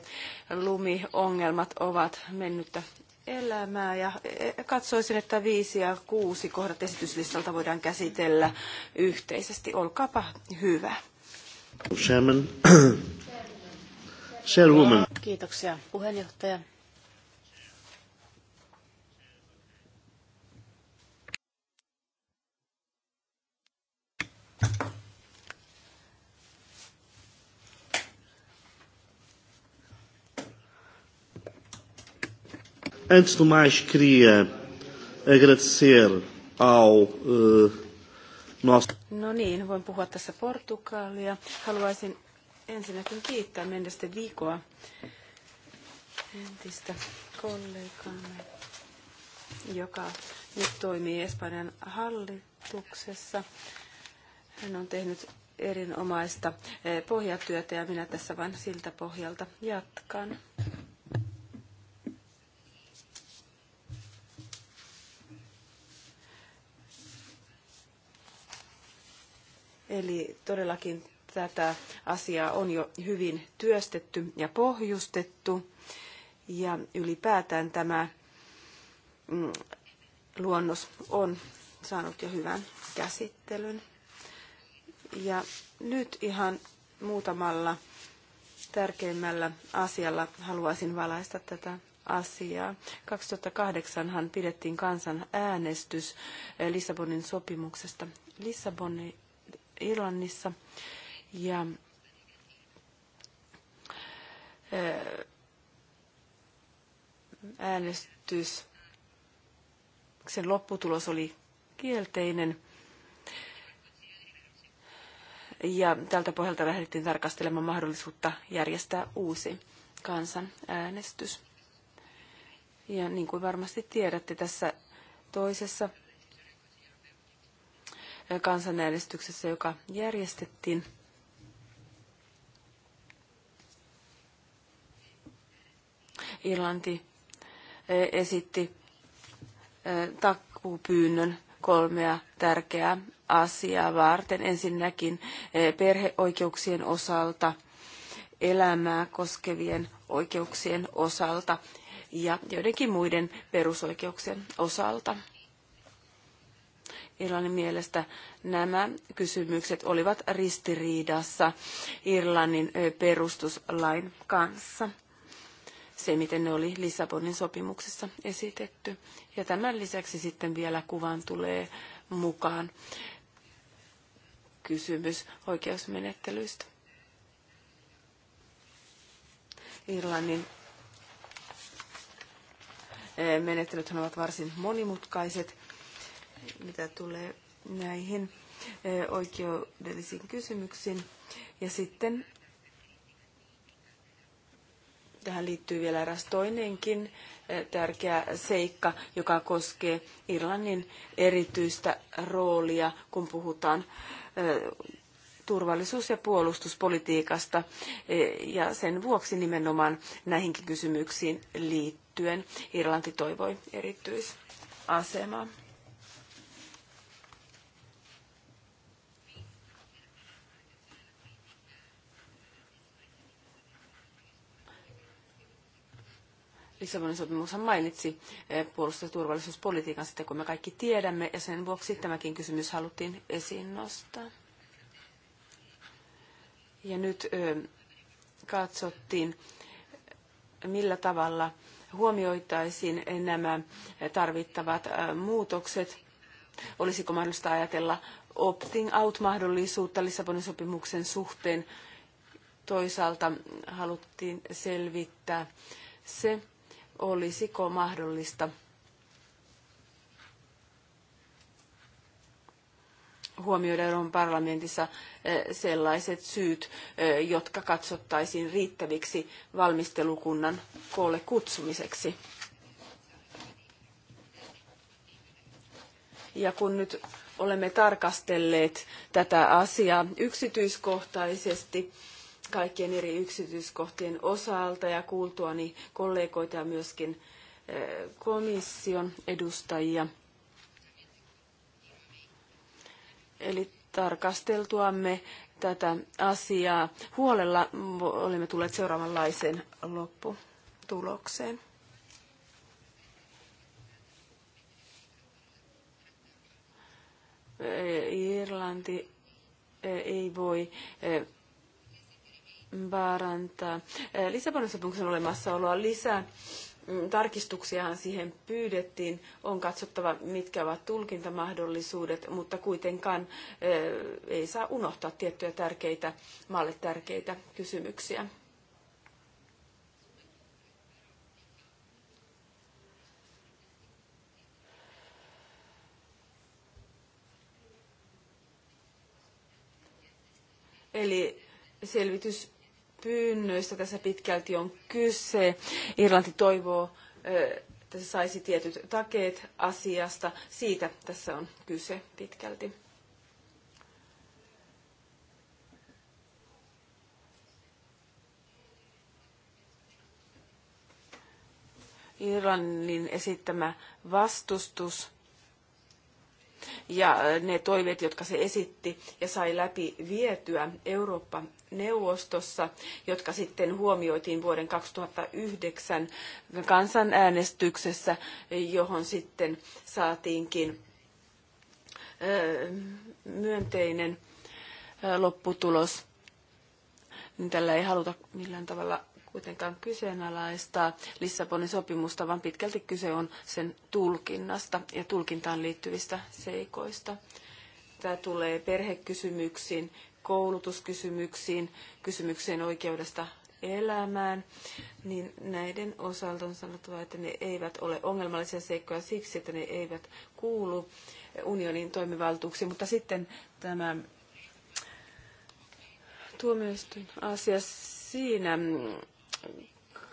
Lumiongelmat ovat mennyttä elämää ja eh, katsoisin, että viisi ja kuusi kohdat esityslistalta voidaan käsitellä yhteisesti. Olkaapa hyvä. Chairman. *coughs* Chairwoman. Kiitoksia puheenjohtaja. Antes do mais, queria agradecer ao uh, nosso... No niin, voin puhua tässä Portugalia. Haluaisin ensinnäkin kiittää mennestä viikoa entistä kollegaamme, joka nyt toimii Espanjan hallituksessa. Hän on tehnyt erinomaista eh, pohjatyötä ja minä tässä vain siltä pohjalta jatkan. Eli todellakin tätä asiaa on jo hyvin työstetty ja pohjustettu. Ja ylipäätään tämä mm, luonnos on saanut jo hyvän käsittelyn. Ja nyt ihan muutamalla tärkeimmällä asialla haluaisin valaista tätä asiaa. 2008han pidettiin kansan äänestys eh, Lissabonin sopimuksesta Lissabonin Irlannissa. Ja eh, äänestys sen lopputulos oli kielteinen ja tältä pohjalta lähdettiin tarkastelemaan mahdollisuutta järjestää uusi kansanäänestys. Ja niin kuin varmasti tiedätte, tässä toisessa kansanäänestyksessä, joka järjestettiin, Irlanti esitti takkupyynnön kolmea tärkeää asiaa varten. Ensinnäkin eh, perheoikeuksien osalta, elämää koskevien oikeuksien osalta ja joidenkin muiden perusoikeuksien osalta. Irlannin mielestä nämä kysymykset olivat ristiriidassa Irlannin eh, perustuslain kanssa se, miten ne oli Lissabonin sopimuksessa esitetty. Ja tämän lisäksi sitten vielä kuvan tulee mukaan kysymys oikeusmenettelyistä. Irlannin eh, menettelyt ovat varsin monimutkaiset, mitä tulee näihin eh, oikeudellisiin kysymyksiin. Ja sitten Tähän liittyy vielä eräs toinenkin eh, tärkeä seikka, joka koskee Irlannin erityistä roolia, kun puhutaan eh, turvallisuus- ja puolustuspolitiikasta eh, ja sen vuoksi nimenomaan näihinkin kysymyksiin liittyen Irlanti toivoi erityisasemaa. Lissabonin sopimushan mainitsi eh, puolustus- ja turvallisuuspolitiikan sitten, kun me kaikki tiedämme, ja sen vuoksi tämäkin kysymys haluttiin esiin nostaa. Ja nyt katsottiin, millä tavalla huomioitaisiin nämä tarvittavat muutokset. Olisiko mahdollista ajatella opting out-mahdollisuutta Lissabonin sopimuksen suhteen? Toisaalta haluttiin selvittää se, olisiko mahdollista huomioida Euroopan parlamentissa eh, sellaiset syyt, eh, jotka katsottaisiin riittäviksi valmistelukunnan koolle kutsumiseksi. Ja kun nyt olemme tarkastelleet tätä asiaa yksityiskohtaisesti, kaikkien eri yksityiskohtien osalta ja kuultuani kollegoita ja myöskin eh, komission edustajia. Eli tarkasteltuamme tätä asiaa huolella olemme tulleet seuraavanlaiseen lopputulokseen. Eh, Irlanti eh, ei voi vaarantaa eh, Lissabonin sopimuksen olemassaoloa lisää. Mm, tarkistuksiahan siihen pyydettiin. On katsottava, mitkä ovat tulkintamahdollisuudet, mutta kuitenkaan eh, ei saa unohtaa tiettyjä tärkeitä, maalle tärkeitä kysymyksiä. Eli selvitys pyynnöistä tässä pitkälti on kyse. Irlanti toivoo, että se saisi tietyt takeet asiasta. Siitä tässä on kyse pitkälti. Irlannin esittämä vastustus ja äh, ne toiveet, jotka se esitti ja sai läpi vietyä Eurooppa-neuvostossa, jotka sitten huomioitiin vuoden 2009 kansanäänestyksessä, johon sitten saatiinkin äh, myönteinen äh, lopputulos. Tällä ei haluta millään tavalla kuitenkaan kyseenalaistaa Lissabonin sopimusta, vaan pitkälti kyse on sen tulkinnasta ja tulkintaan liittyvistä seikoista. Tämä tulee perhekysymyksiin, koulutuskysymyksiin, kysymykseen oikeudesta elämään, niin näiden osalta on sanottava, että ne eivät ole ongelmallisia seikkoja siksi, että ne eivät kuulu unionin toimivaltuuksiin. Mutta sitten tämä tuomioistuin asia siinä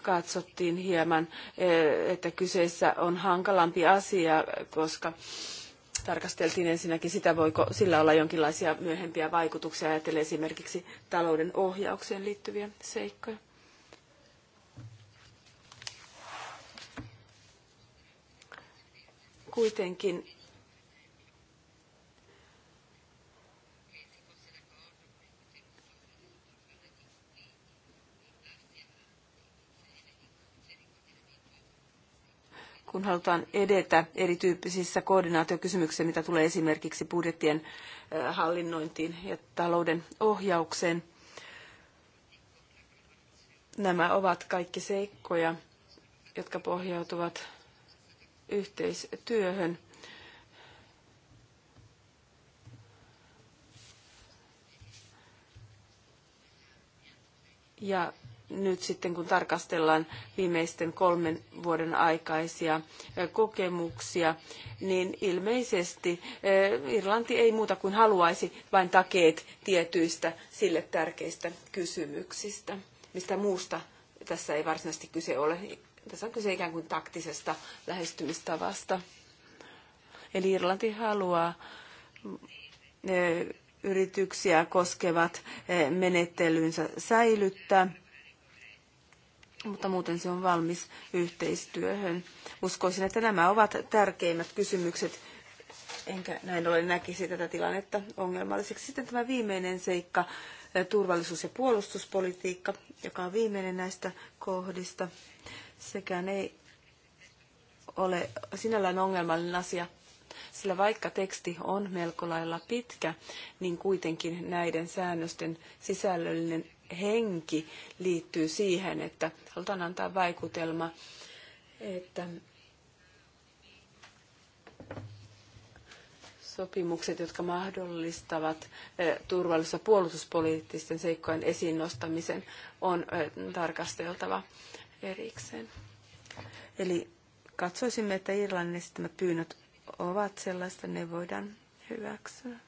katsottiin hieman, e, että kyseessä on hankalampi asia, koska tarkasteltiin ensinnäkin sitä, voiko sillä olla jonkinlaisia myöhempiä vaikutuksia, ajatellen esimerkiksi talouden ohjaukseen liittyviä seikkoja. Kuitenkin kun halutaan edetä erityyppisissä koordinaatiokysymyksissä, mitä tulee esimerkiksi budjettien hallinnointiin ja talouden ohjaukseen. Nämä ovat kaikki seikkoja, jotka pohjautuvat yhteistyöhön. Ja nyt sitten, kun tarkastellaan viimeisten kolmen vuoden aikaisia kokemuksia, niin ilmeisesti Irlanti ei muuta kuin haluaisi vain takeet tietyistä sille tärkeistä kysymyksistä. Mistä muusta tässä ei varsinaisesti kyse ole. Tässä on kyse ikään kuin taktisesta lähestymistavasta. Eli Irlanti haluaa yrityksiä koskevat menettelynsä säilyttää mutta muuten se on valmis yhteistyöhön. Uskoisin, että nämä ovat tärkeimmät kysymykset, enkä näin ole näkisi tätä tilannetta ongelmalliseksi. Sitten tämä viimeinen seikka, eh, turvallisuus- ja puolustuspolitiikka, joka on viimeinen näistä kohdista. Sekään ei ole sinällään ongelmallinen asia, sillä vaikka teksti on melko lailla pitkä, niin kuitenkin näiden säännösten sisällöllinen henki liittyy siihen, että halutaan antaa vaikutelma, että sopimukset, jotka mahdollistavat turvallisuus- ja puolustuspoliittisten seikkojen esiin nostamisen, on tarkasteltava erikseen. Eli katsoisimme, että Irlannin esittämät pyynnöt ovat sellaista, ne voidaan hyväksyä.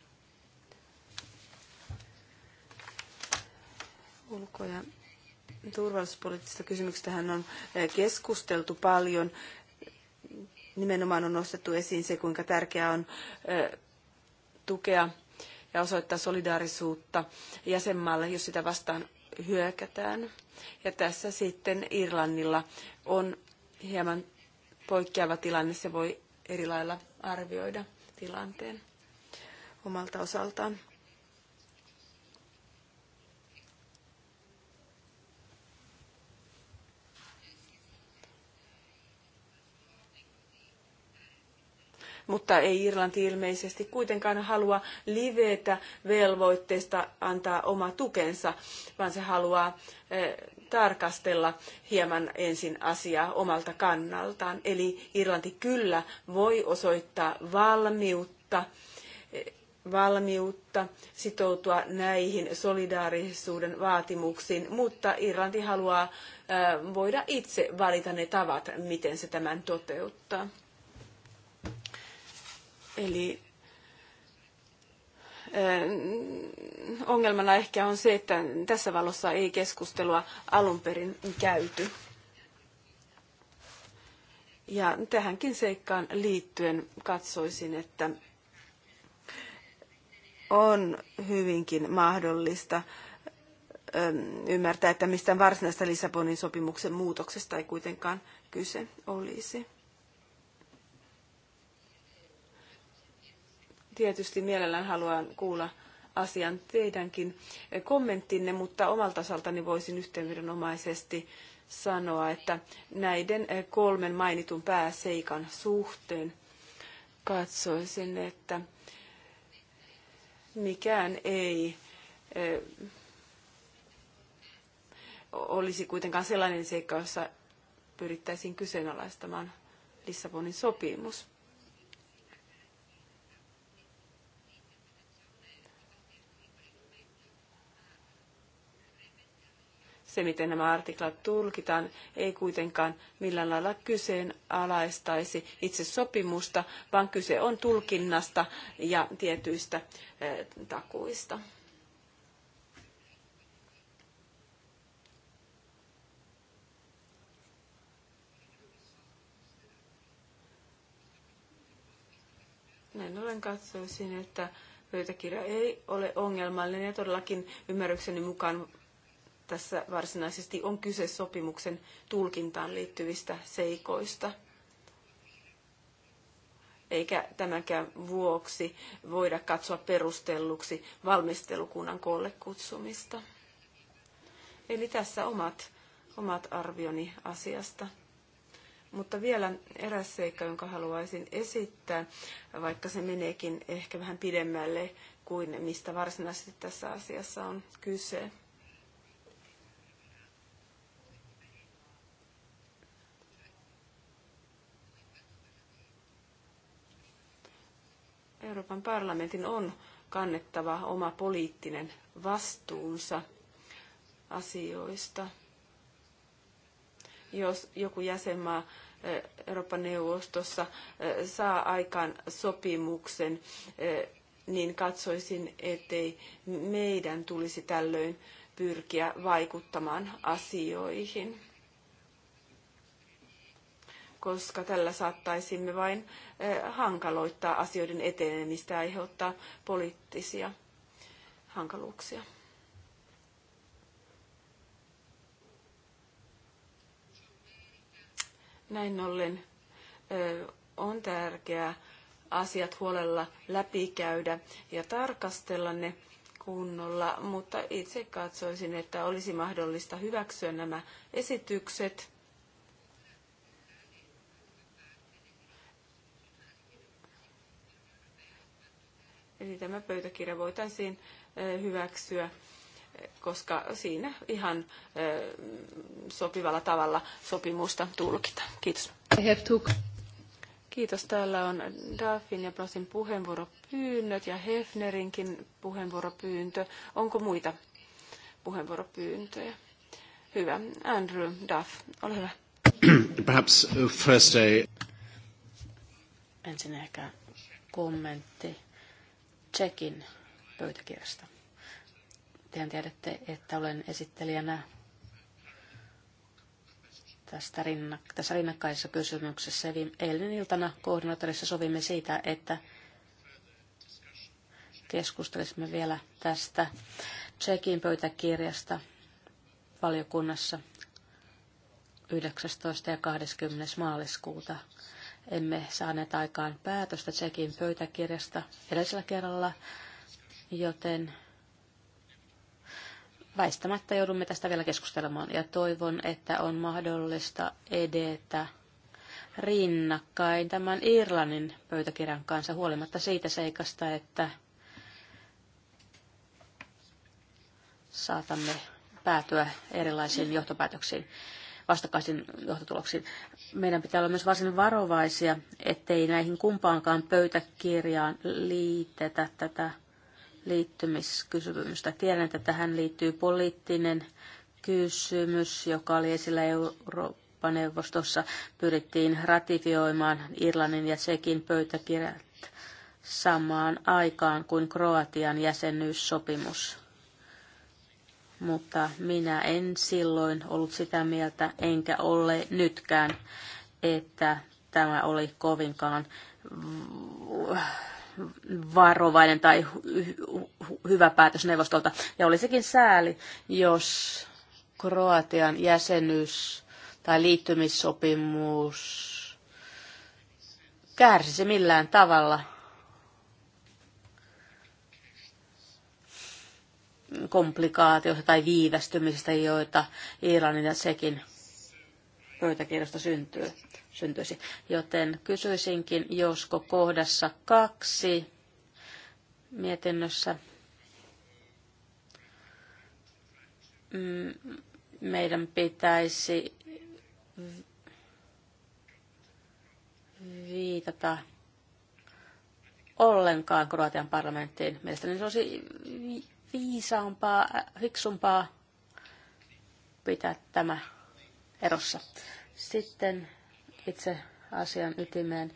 Ulko- ja turvallisuuspoliittisista kysymyksistähän on eh, keskusteltu paljon. Nimenomaan on nostettu esiin se, kuinka tärkeää on eh, tukea ja osoittaa solidaarisuutta jäsenmaalle, jos sitä vastaan hyökätään. Ja tässä sitten Irlannilla on hieman poikkeava tilanne, se voi eri lailla arvioida tilanteen omalta osaltaan. mutta ei Irlanti ilmeisesti kuitenkaan halua livetä velvoitteesta antaa oma tukensa, vaan se haluaa eh, tarkastella hieman ensin asiaa omalta kannaltaan. Eli Irlanti kyllä voi osoittaa valmiutta eh, valmiutta sitoutua näihin solidaarisuuden vaatimuksiin, mutta Irlanti haluaa eh, voida itse valita ne tavat, miten se tämän toteuttaa. Eli eh, ongelmana ehkä on se, että tässä valossa ei keskustelua alun perin käyty. Ja tähänkin seikkaan liittyen katsoisin, että on hyvinkin mahdollista eh, ymmärtää, että mistään varsinaista Lissabonin sopimuksen muutoksesta ei kuitenkaan kyse olisi. tietysti mielellään haluan kuulla asian teidänkin kommenttinne, mutta omalta osaltani voisin yhteenvedonomaisesti sanoa, että näiden kolmen mainitun pääseikan suhteen katsoisin, että mikään ei olisi kuitenkaan sellainen seikka, jossa pyrittäisiin kyseenalaistamaan Lissabonin sopimus. se, miten nämä artiklat tulkitaan, ei kuitenkaan millään lailla kyseenalaistaisi itse sopimusta, vaan kyse on tulkinnasta ja tietyistä eh, takuista. Näin ollen katsoisin, että pöytäkirja ei ole ongelmallinen ja todellakin ymmärrykseni mukaan tässä varsinaisesti on kyse sopimuksen tulkintaan liittyvistä seikoista. Eikä tämänkään vuoksi voida katsoa perustelluksi valmistelukunnan koolle kutsumista. Eli tässä omat, omat arvioni asiasta. Mutta vielä eräs seikka, jonka haluaisin esittää, vaikka se meneekin ehkä vähän pidemmälle kuin mistä varsinaisesti tässä asiassa on kyse. Euroopan parlamentin on kannettava oma poliittinen vastuunsa asioista. Jos joku jäsenmaa Euroopan neuvostossa saa aikaan sopimuksen, niin katsoisin, ettei meidän tulisi tällöin pyrkiä vaikuttamaan asioihin koska tällä saattaisimme vain hankaloittaa asioiden etenemistä ja aiheuttaa poliittisia hankaluuksia. Näin ollen on tärkeää asiat huolella läpikäydä ja tarkastella ne kunnolla, mutta itse katsoisin, että olisi mahdollista hyväksyä nämä esitykset Eli tämä pöytäkirja voitaisiin hyväksyä, koska siinä ihan sopivalla tavalla sopimusta tulkita. Kiitos. Kiitos. Täällä on Daffin ja Blasin puheenvuoropyynnöt ja Hefnerinkin puheenvuoropyyntö. Onko muita puheenvuoropyyntöjä? Hyvä. Andrew Duff, ole hyvä. *clears throat* Perhaps uh, first a... Ensin ehkä kommentti Tsekin pöytäkirjasta. Tehän tiedätte, että olen esittelijänä tästä rinnak- tässä rinnakkaisessa kysymyksessä. Eli eilen iltana koordinaattorissa sovimme siitä, että keskustelisimme vielä tästä Tsekin pöytäkirjasta valiokunnassa 19. ja 20. maaliskuuta emme saaneet aikaan päätöstä Tsekin pöytäkirjasta edellisellä kerralla, joten väistämättä joudumme tästä vielä keskustelemaan ja toivon, että on mahdollista edetä rinnakkain tämän Irlannin pöytäkirjan kanssa huolimatta siitä seikasta, että saatamme päätyä erilaisiin johtopäätöksiin vastakkaisiin johtotuloksiin. Meidän pitää olla myös varsin varovaisia, ettei näihin kumpaankaan pöytäkirjaan liitetä tätä liittymiskysymystä. Tiedän, että tähän liittyy poliittinen kysymys, joka oli esillä Eurooppa-neuvostossa. Pyrittiin ratifioimaan Irlannin ja Sekin pöytäkirjat samaan aikaan kuin Kroatian jäsenyyssopimus mutta minä en silloin ollut sitä mieltä, enkä ole nytkään, että tämä oli kovinkaan varovainen tai hyvä päätös neuvostolta. Ja olisikin sääli, jos Kroatian jäsenyys tai liittymissopimus kärsisi millään tavalla komplikaatioista tai viivästymisistä, joita Iranin ja sekin pöytäkirjasta syntyy, syntyisi. Joten kysyisinkin, josko kohdassa kaksi mietinnössä mm, meidän pitäisi viitata ollenkaan Kroatian parlamenttiin. Mielestäni se olisi viisaampaa, fiksumpaa pitää tämä erossa. Sitten itse asian ytimeen.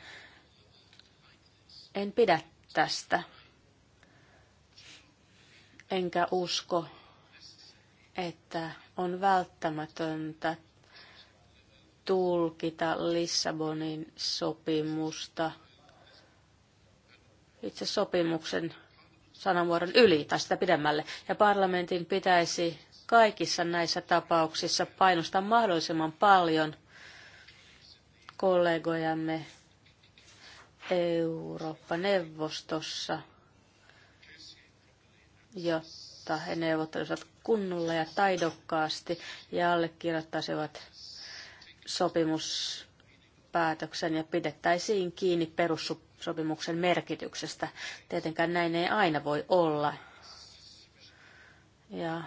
En pidä tästä. Enkä usko, että on välttämätöntä tulkita Lissabonin sopimusta itse sopimuksen sanamuodon yli tai sitä pidemmälle. Ja parlamentin pitäisi kaikissa näissä tapauksissa painostaa mahdollisimman paljon kollegojamme Eurooppa-neuvostossa, jotta he neuvottelisivat kunnolla ja taidokkaasti ja allekirjoittaisivat sopimuspäätöksen ja pidettäisiin kiinni perussu- sopimuksen merkityksestä. Tietenkään näin ei aina voi olla. Ja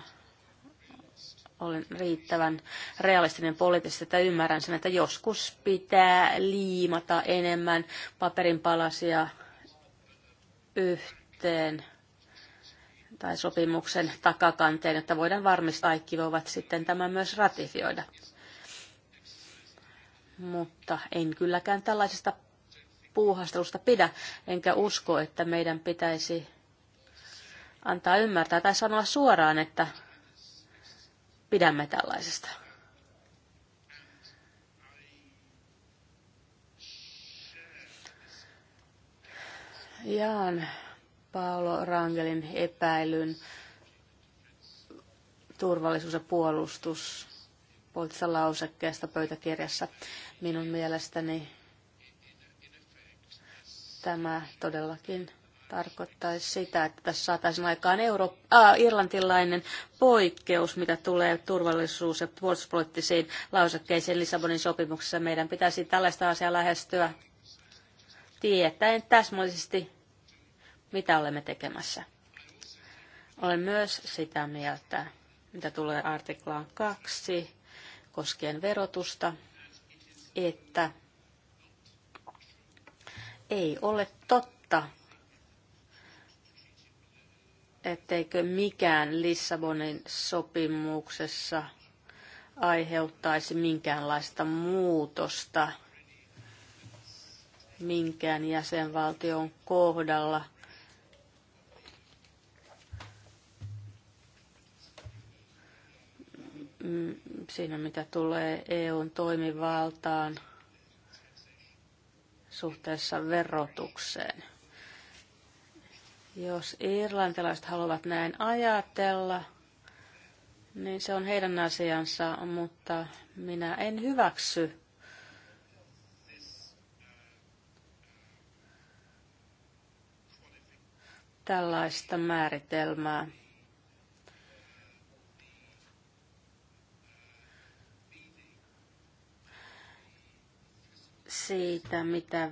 olen riittävän realistinen poliittisesti, että ymmärrän sen, että joskus pitää liimata enemmän paperinpalasia yhteen tai sopimuksen takakanteen, että voidaan varmistaa, että kaikki voivat sitten tämän myös ratifioida. Mutta en kylläkään tällaisesta puuhastelusta pidä, enkä usko, että meidän pitäisi antaa ymmärtää tai sanoa suoraan, että pidämme tällaisesta. Jaan Paolo Rangelin epäilyn turvallisuus- ja puolustus poliittisessa lausekkeesta pöytäkirjassa. Minun mielestäni Tämä todellakin tarkoittaisi sitä, että tässä saataisiin aikaan Euro- äh, irlantilainen poikkeus, mitä tulee turvallisuus- ja puolustuspoliittisiin lausekkeisiin Lissabonin sopimuksessa. Meidän pitäisi tällaista asiaa lähestyä tietäen täsmällisesti, mitä olemme tekemässä. Olen myös sitä mieltä, mitä tulee artiklaan 2 koskien verotusta, että ei ole totta, etteikö mikään Lissabonin sopimuksessa aiheuttaisi minkäänlaista muutosta minkään jäsenvaltion kohdalla. Mm, siinä mitä tulee EUn toimivaltaan – suhteessa verotukseen. Jos irlantilaiset haluavat näin ajatella, niin se on heidän asiansa, mutta minä en hyväksy tällaista määritelmää. siitä, mitä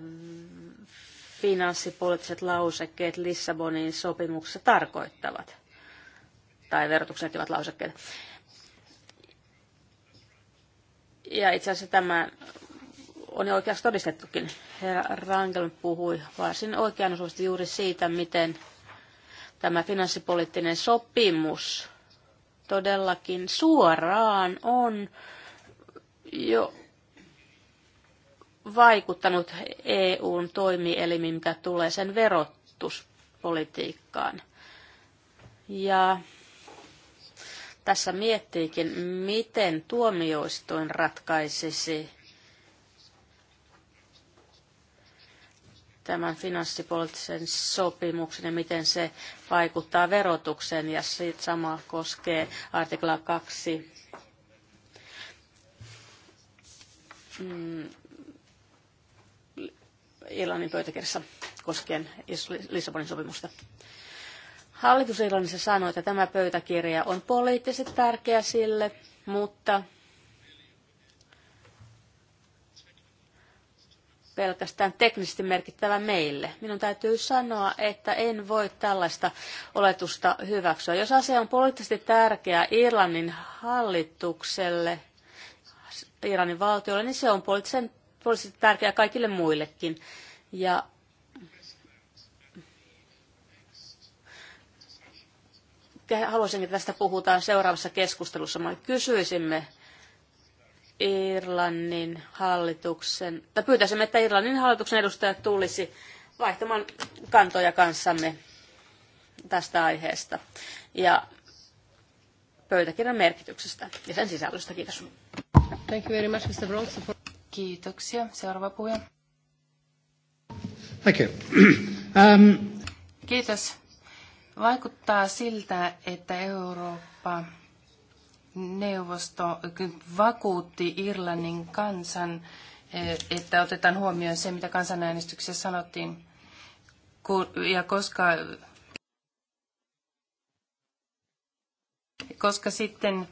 finanssipoliittiset lausekkeet Lissabonin sopimuksessa tarkoittavat, tai verotuksen liittyvät lausekkeet. Ja itse asiassa tämä on jo oikeaksi todistettukin. Herra Rangel puhui varsin oikean osuvasti juuri siitä, miten tämä finanssipoliittinen sopimus todellakin suoraan on jo vaikuttanut EUn toimielimiin, mitä tulee sen verotuspolitiikkaan. Ja tässä miettiikin, miten tuomioistuin ratkaisisi tämän finanssipoliittisen sopimuksen ja miten se vaikuttaa verotukseen. Ja siitä sama koskee artikla 2 Irlannin pöytäkirjassa koskien Lissabonin sopimusta. Hallitus Irlannissa sanoi, että tämä pöytäkirja on poliittisesti tärkeä sille, mutta pelkästään teknisesti merkittävä meille. Minun täytyy sanoa, että en voi tällaista oletusta hyväksyä. Jos asia on poliittisesti tärkeä Irlannin hallitukselle, Iranin valtiolle, niin se on poliittisen olisi tärkeää kaikille muillekin. Ja haluaisin, että tästä puhutaan seuraavassa keskustelussa. Me kysyisimme Irlannin hallituksen, tai pyytäisimme, että Irlannin hallituksen edustajat tulisi vaihtamaan kantoja kanssamme tästä aiheesta ja pöytäkirjan merkityksestä ja sen sisällöstä. Kiitos. Thank you very much, Mr. Kiitoksia. Seuraava puhuja. Thank you. *clears throat* um... Kiitos. Vaikuttaa siltä, että Eurooppa neuvosto vakuutti Irlannin kansan, eh, että otetaan huomioon se, mitä kansanäänestyksessä sanottiin. Ja koska, koska sitten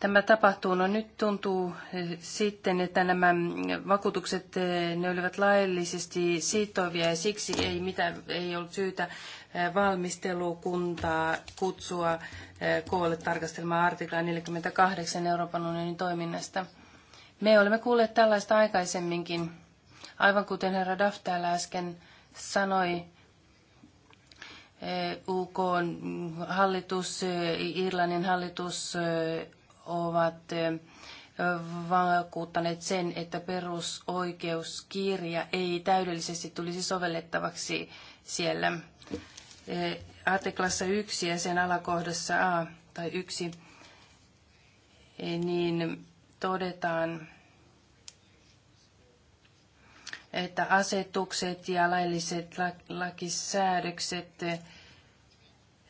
tämä tapahtuu? No nyt tuntuu eh, sitten, että nämä mm, vakuutukset, eh, ne olivat laillisesti sitovia ja siksi ei, mitään, ei ollut syytä eh, valmistelukuntaa kutsua koolle tarkastelemaan artiklaa 48 Euroopan unionin toiminnasta. Me olemme kuulleet tällaista aikaisemminkin, aivan kuten herra Duff täällä äsken sanoi, UK mm, hallitus, Irlannin hallitus ovat vakuuttaneet sen, että perusoikeuskirja ei täydellisesti tulisi sovellettavaksi siellä artiklassa 1 ja sen alakohdassa A tai 1, e, niin todetaan, että asetukset ja lailliset lakisäädökset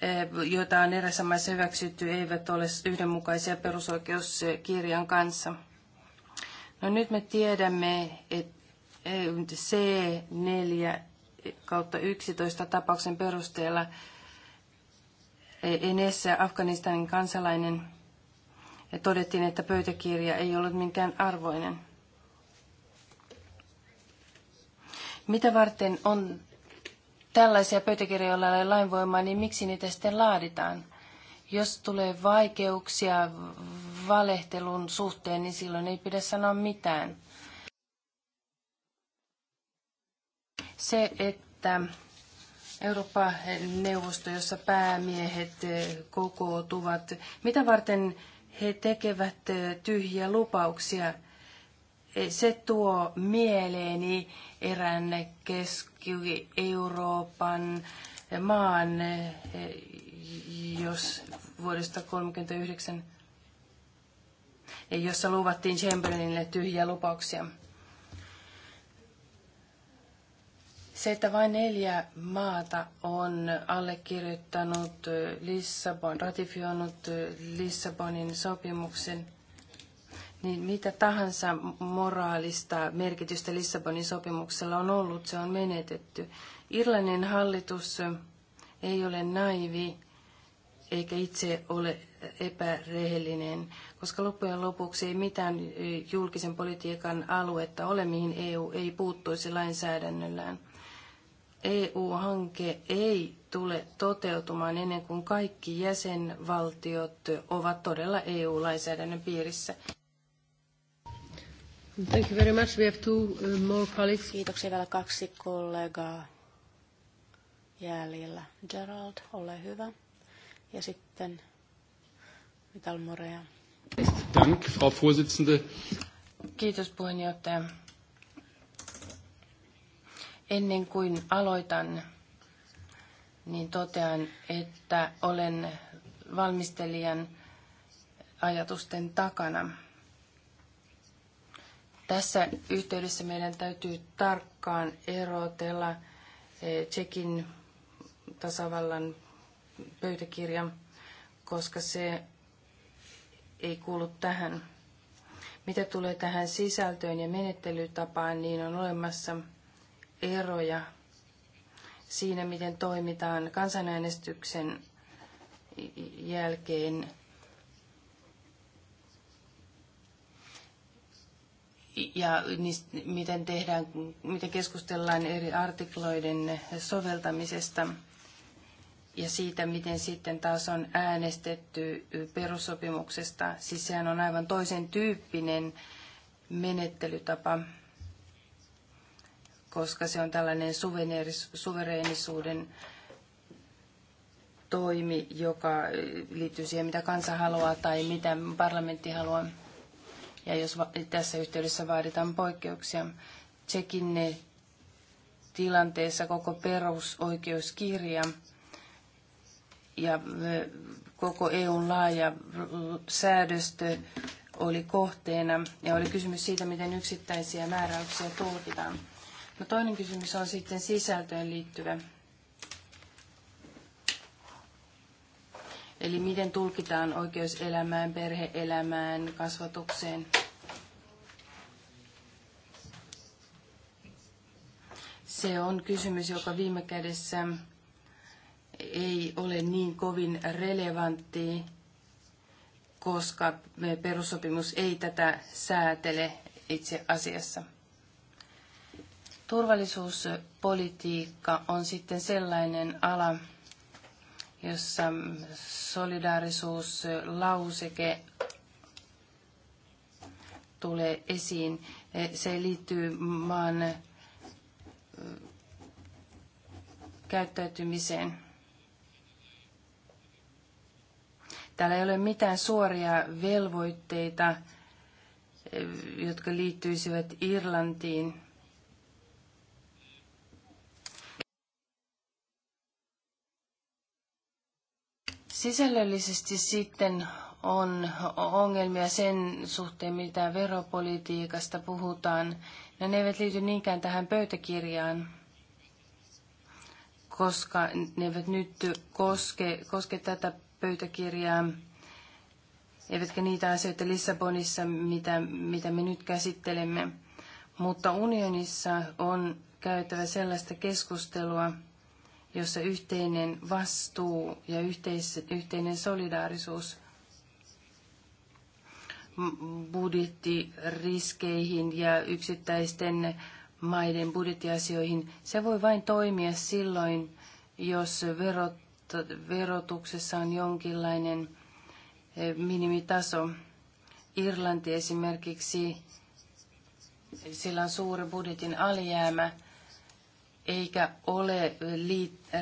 Eh, joita on eräissä maissa hyväksytty, eivät ole yhdenmukaisia perusoikeuskirjan kanssa. No nyt me tiedämme, että C4 kautta 11 tapauksen perusteella eh, Enessä Afganistanin kansalainen ja eh, todettiin, että pöytäkirja ei ollut minkään arvoinen. Mitä varten on tällaisia pöytäkirjoja, joilla ei ole lainvoimaa, niin miksi niitä sitten laaditaan? Jos tulee vaikeuksia valehtelun suhteen, niin silloin ei pidä sanoa mitään. Se, että Euroopan neuvosto, jossa päämiehet kokoutuvat, mitä varten he tekevät tyhjiä lupauksia – Eh, se tuo mieleeni erään Keski-Euroopan eh, maan, eh, jos vuodesta 1939, jossa luvattiin Chamberlainille tyhjiä lupauksia. Se, että vain neljä maata on allekirjoittanut Lissabon, ratifioinut Lissabonin sopimuksen – niin mitä tahansa moraalista merkitystä Lissabonin sopimuksella on ollut, se on menetetty. Irlannin hallitus ei ole naivi eikä itse ole epärehellinen, koska loppujen lopuksi ei mitään julkisen politiikan aluetta ole, mihin EU ei puuttuisi lainsäädännöllään. EU-hanke ei tule toteutumaan ennen kuin kaikki jäsenvaltiot ovat todella EU-lainsäädännön piirissä. Thank you very much. We have two uh, more colleagues. Kiitoksia vielä kaksi kollegaa jäljellä. Gerald, ole hyvä. Ja sitten Vital Morea. Dank, Frau Vorsitzende. Kiitos puheenjohtaja. Ennen kuin aloitan, niin totean, että olen valmistelijan ajatusten takana. Tässä yhteydessä meidän täytyy tarkkaan erotella eh, Tsekin tasavallan pöytäkirja, koska se ei kuulu tähän. Mitä tulee tähän sisältöön ja menettelytapaan, niin on olemassa eroja siinä, miten toimitaan kansanäänestyksen jälkeen ja miten, tehdään, miten keskustellaan eri artikloiden soveltamisesta ja siitä, miten sitten taas on äänestetty perussopimuksesta. Siis sehän on aivan toisen tyyppinen menettelytapa, koska se on tällainen suvereenisuuden toimi, joka liittyy siihen, mitä kansa haluaa tai mitä parlamentti haluaa ja jos tässä yhteydessä vaaditaan poikkeuksia. Tsekin tilanteessa koko perusoikeuskirja ja koko EUn laaja säädöstö oli kohteena ja oli kysymys siitä, miten yksittäisiä määräyksiä tulkitaan. No toinen kysymys on sitten sisältöön liittyvä. Eli miten tulkitaan oikeuselämään, perheelämään, kasvatukseen. Se on kysymys, joka viime kädessä ei ole niin kovin relevantti, koska perussopimus ei tätä säätele itse asiassa. Turvallisuuspolitiikka on sitten sellainen ala, jossa solidaarisuuslauseke tulee esiin. Se liittyy maan käyttäytymiseen. Täällä ei ole mitään suoria velvoitteita, eh, jotka liittyisivät Irlantiin. Sisällöllisesti sitten on ongelmia sen suhteen, mitä veropolitiikasta puhutaan. Ja ne eivät liity niinkään tähän pöytäkirjaan koska ne eivät nyt koske, koske tätä pöytäkirjaa, eivätkä niitä asioita Lissabonissa, mitä, mitä me nyt käsittelemme. Mutta unionissa on käytävä sellaista keskustelua, jossa yhteinen vastuu ja yhteis, yhteinen solidaarisuus budjettiriskeihin ja yksittäisten maiden budjettiasioihin. Se voi vain toimia silloin, jos verot, verotuksessa on jonkinlainen eh, minimitaso. Irlanti esimerkiksi, sillä on suuri budjetin alijäämä, eikä ole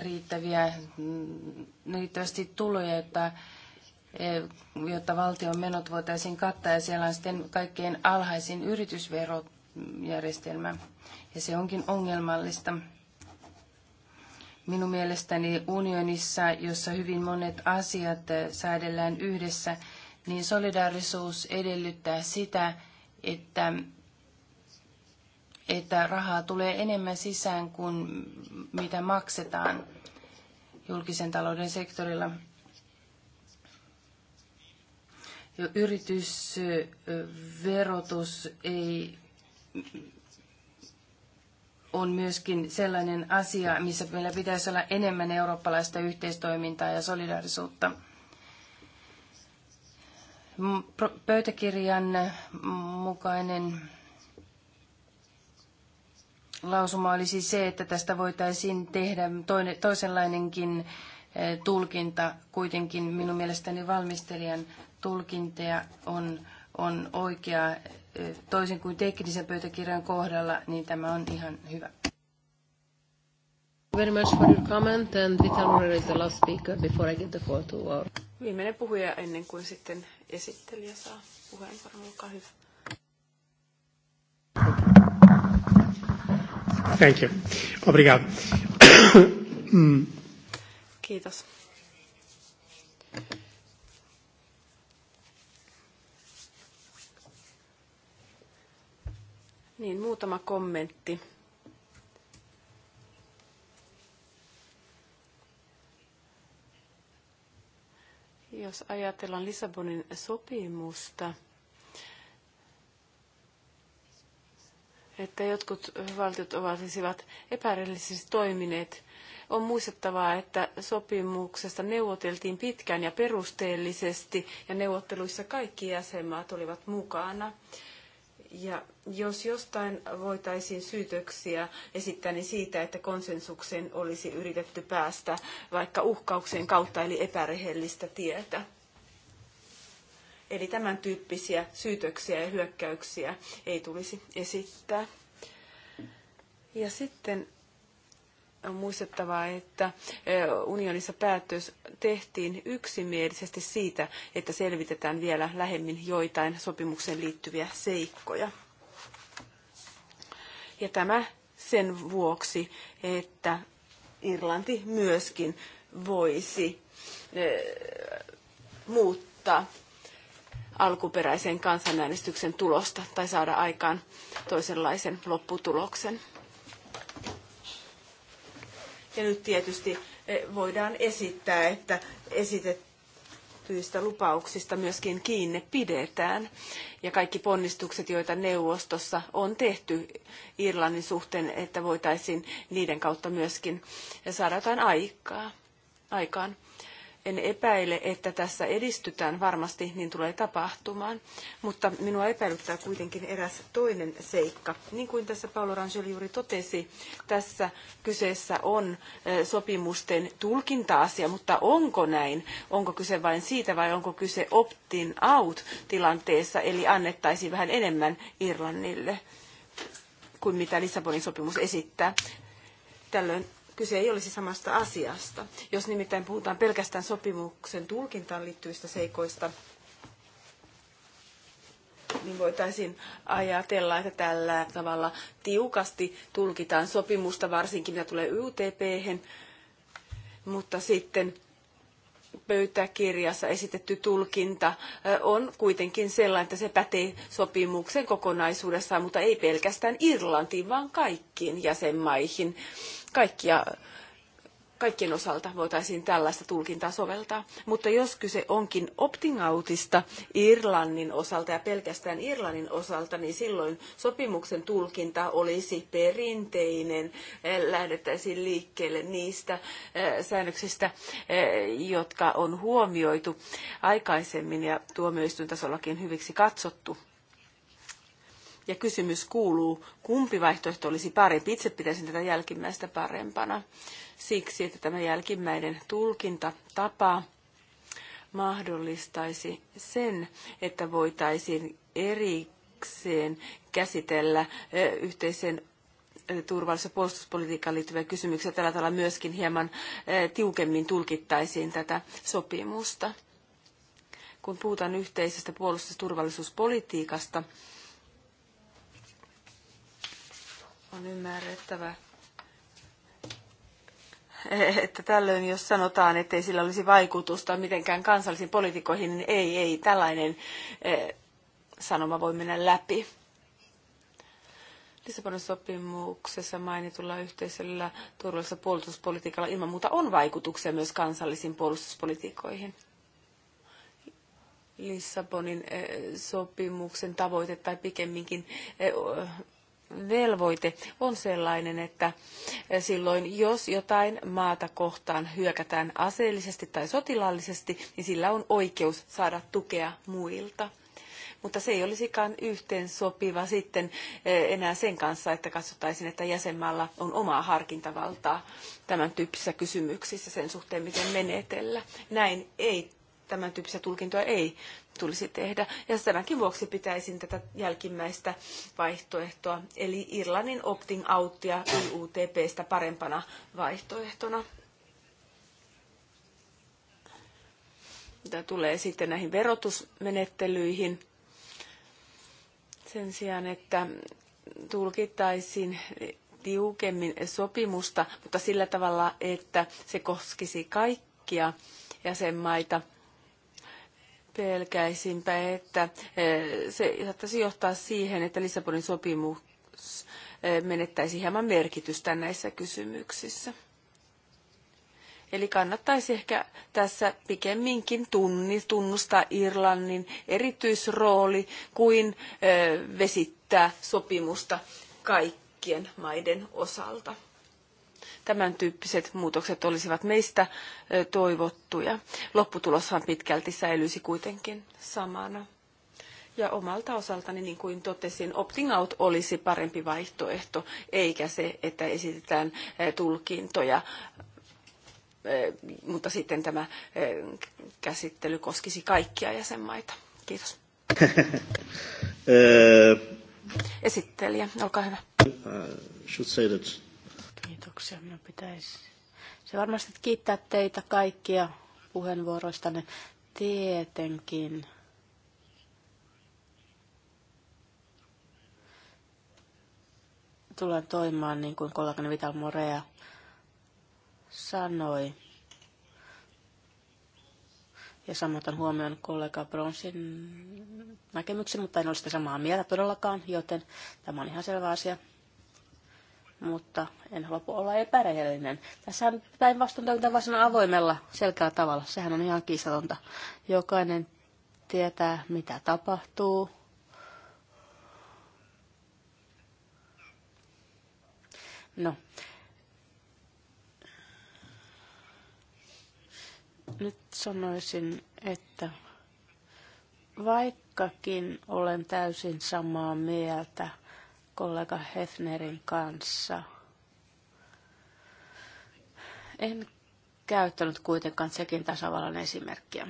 riittäviä, mm, riittävästi tuloja, jotta, eh, jotta valtion menot voitaisiin kattaa, ja siellä on sitten kaikkein alhaisin yritysverojärjestelmä ja se onkin ongelmallista. Minun mielestäni unionissa, jossa hyvin monet asiat eh, säädellään yhdessä, niin solidaarisuus edellyttää sitä, että, että rahaa tulee enemmän sisään kuin mitä maksetaan julkisen talouden sektorilla. Yritysverotus ei on myöskin sellainen asia, missä meillä pitäisi olla enemmän eurooppalaista yhteistoimintaa ja solidaarisuutta. Pöytäkirjan mukainen lausuma olisi siis se, että tästä voitaisiin tehdä toisenlainenkin eh, tulkinta. Kuitenkin minun mielestäni valmistelijan tulkinta on, on oikea toisin kuin teknisen pöytäkirjan kohdalla, niin tämä on ihan hyvä. Very much for your comment and is the last speaker before I give the floor to our... Viimeinen puhuja ennen kuin sitten esittelijä saa puheenvuoron. Olkaa hyvä. Thank you. Obrigado. Kiitos. Niin, muutama kommentti. Jos ajatellaan Lissabonin sopimusta, että jotkut valtiot olisivat epärellisesti toimineet. On muistettavaa, että sopimuksesta neuvoteltiin pitkään ja perusteellisesti, ja neuvotteluissa kaikki jäsenmaat olivat mukana. Ja jos jostain voitaisiin syytöksiä esittää, niin siitä, että konsensukseen olisi yritetty päästä vaikka uhkauksien kautta, eli epärehellistä tietä. Eli tämän tyyppisiä syytöksiä ja hyökkäyksiä ei tulisi esittää. Ja sitten on muistettava, että e, unionissa päätös tehtiin yksimielisesti siitä, että selvitetään vielä lähemmin joitain sopimukseen liittyviä seikkoja. Ja tämä sen vuoksi, että Irlanti myöskin voisi e, muuttaa alkuperäisen kansanäänestyksen tulosta tai saada aikaan toisenlaisen lopputuloksen. Ja nyt tietysti eh, voidaan esittää, että esitettyistä lupauksista myöskin kiinne pidetään. Ja kaikki ponnistukset, joita neuvostossa on tehty Irlannin suhteen, että voitaisiin niiden kautta myöskin saada jotain aikaa, aikaan en epäile, että tässä edistytään varmasti, niin tulee tapahtumaan. Mutta minua epäilyttää kuitenkin eräs toinen seikka. Niin kuin tässä Paolo Rangel juuri totesi, tässä kyseessä on sopimusten tulkinta-asia, mutta onko näin? Onko kyse vain siitä vai onko kyse optin out tilanteessa, eli annettaisiin vähän enemmän Irlannille kuin mitä Lissabonin sopimus esittää? Tällöin kyse ei olisi samasta asiasta. Jos nimittäin puhutaan pelkästään sopimuksen tulkintaan liittyvistä seikoista, niin voitaisiin ajatella, että tällä tavalla tiukasti tulkitaan sopimusta, varsinkin mitä tulee UTP: -hän. mutta sitten pöytäkirjassa esitetty tulkinta on kuitenkin sellainen, että se pätee sopimuksen kokonaisuudessaan, mutta ei pelkästään Irlantiin, vaan kaikkiin jäsenmaihin kaikkia kaikkien osalta voitaisiin tällaista tulkintaa soveltaa. Mutta jos kyse onkin optingautista Irlannin osalta ja pelkästään Irlannin osalta, niin silloin sopimuksen tulkinta olisi perinteinen. Lähdettäisiin liikkeelle niistä eh, säännöksistä, eh, jotka on huomioitu aikaisemmin ja tuomioistuintasollakin hyviksi katsottu. Ja kysymys kuuluu, kumpi vaihtoehto olisi parempi. Itse pitäisin tätä jälkimmäistä parempana siksi, että tämä jälkimmäinen tulkintatapa mahdollistaisi sen, että voitaisiin erikseen käsitellä yhteisen turvallisuus- ja puolustuspolitiikkaan liittyviä kysymyksiä. Tällä tavalla myöskin hieman tiukemmin tulkittaisiin tätä sopimusta. Kun puhutaan yhteisestä puolustus- ja turvallisuuspolitiikasta, on ymmärrettävä, että tällöin jos sanotaan, että ei sillä olisi vaikutusta mitenkään kansallisiin poliitikoihin, niin ei, ei, tällainen eh, sanoma voi mennä läpi. Lissabonin sopimuksessa mainitulla yhteisöllä turvallisessa puolustuspolitiikalla ilman muuta on vaikutuksia myös kansallisiin puolustuspolitiikoihin. Lissabonin eh, sopimuksen tavoite tai pikemminkin eh, velvoite on sellainen, että eh, silloin jos jotain maata kohtaan hyökätään aseellisesti tai sotilaallisesti, niin sillä on oikeus saada tukea muilta mutta se ei olisikaan yhteen sopiva sitten eh, enää sen kanssa, että katsottaisiin, että jäsenmaalla on omaa harkintavaltaa tämän tyyppisissä kysymyksissä sen suhteen, miten menetellä. Näin ei, tämän tyyppisiä tulkintoja ei tulisi tehdä. Ja tämänkin vuoksi pitäisin tätä jälkimmäistä vaihtoehtoa, eli Irlannin opting outtia stä parempana vaihtoehtona. Mitä tulee sitten näihin verotusmenettelyihin, sen sijaan, että tulkittaisiin tiukemmin sopimusta, mutta sillä tavalla, että se koskisi kaikkia jäsenmaita – Pelkäisinpä, että eh, se saattaisi johtaa siihen, että Lissabonin sopimus eh, menettäisi hieman merkitystä näissä kysymyksissä. Eli kannattaisi ehkä tässä pikemminkin tunni, tunnustaa Irlannin erityisrooli kuin eh, vesittää sopimusta kaikkien maiden osalta tämän tyyppiset muutokset olisivat meistä toivottuja. Lopputuloshan pitkälti säilyisi kuitenkin samana. Ja omalta osaltani, niin kuin totesin, opting out olisi parempi vaihtoehto, eikä se, että esitetään tulkintoja, mutta sitten tämä käsittely koskisi kaikkia jäsenmaita. Kiitos. *laughs* Esittelijä, olkaa hyvä. should say that Kiitoksia. Minun pitäisi se varmasti kiittää teitä kaikkia puheenvuoroistanne. Tietenkin. Tulen toimimaan niin kuin kollegani Vital Morea sanoi. Ja samoin huomioon kollega Bronsin näkemyksen, mutta en ole sitä samaa mieltä todellakaan, joten tämä on ihan selvä asia mutta en halua olla epärehellinen. Tässähän päinvastoin toimitaan avoimella, selkeällä tavalla. Sehän on ihan kiistatonta. Jokainen tietää, mitä tapahtuu. No. Nyt sanoisin, että vaikkakin olen täysin samaa mieltä – kollega Hefnerin kanssa. En käyttänyt kuitenkaan sekin tasavallan esimerkkiä.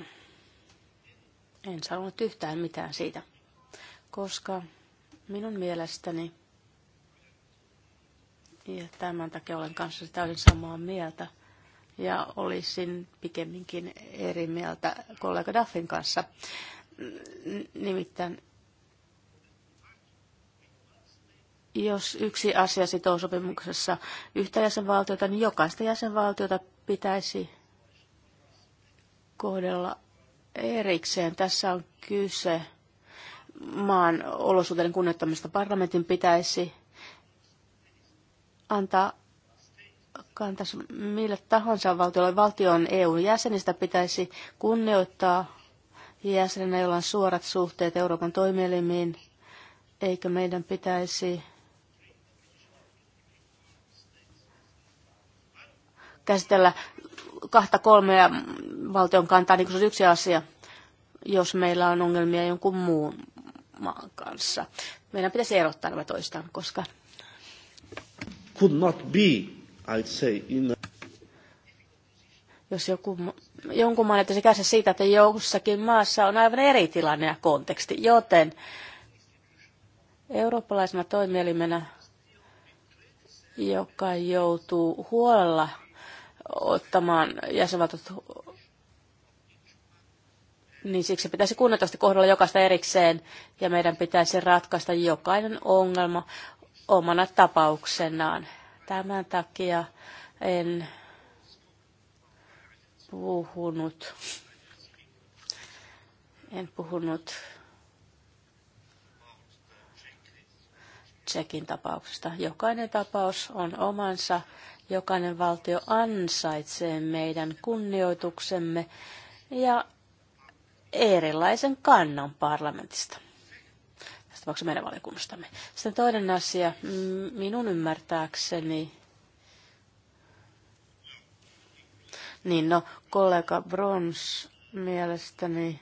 En sanonut yhtään mitään siitä, koska minun mielestäni, ja tämän takia olen kanssa täysin samaa mieltä, ja olisin pikemminkin eri mieltä kollega Daffin kanssa. Nimittäin Jos yksi asia sitoo sopimuksessa yhtä jäsenvaltiota, niin jokaista jäsenvaltiota pitäisi kohdella erikseen. Tässä on kyse maan olosuhteiden kunnioittamista. Parlamentin pitäisi antaa kantas mille tahansa valtiolle. Valtion EU jäsenistä pitäisi kunnioittaa jäsenenä, jolla on suorat suhteet Euroopan toimielimiin, eikä meidän pitäisi käsitellä kahta kolmea valtion kantaa, niin se on yksi asia, jos meillä on ongelmia jonkun muun maan kanssa. Meidän pitäisi erottaa nämä toistaan, koska... Could not be, I'd say, in a... Jos joku, jonkun maan se käsi siitä, että jossakin maassa on aivan eri tilanne ja konteksti, joten eurooppalaisena toimielimenä, joka joutuu huolella ottamaan jäsenvaltiot niin siksi pitäisi kunnioittavasti kohdella jokaista erikseen ja meidän pitäisi ratkaista jokainen ongelma omana tapauksenaan. Tämän takia en puhunut, en puhunut Tsekin tapauksesta. Jokainen tapaus on omansa Jokainen valtio ansaitsee meidän kunnioituksemme ja erilaisen kannan parlamentista. Tästä vaikka meidän valiokunnastamme. Sitten toinen asia, minun ymmärtääkseni, niin no, kollega Brons mielestäni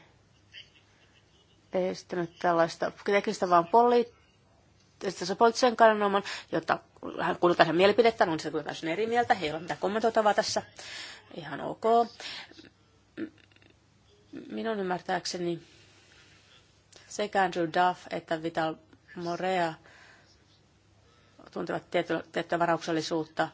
ei esittänyt tällaista teknistä, vaan poliittista poliittisen kannanoman, jota hän kuuluu tähän mielipidettä, on se kyllä eri mieltä, he ei ole mitään kommentoitavaa tässä, ihan ok. Minun ymmärtääkseni sekä Andrew Duff että Vital Morea tuntevat tiettyä varauksellisuutta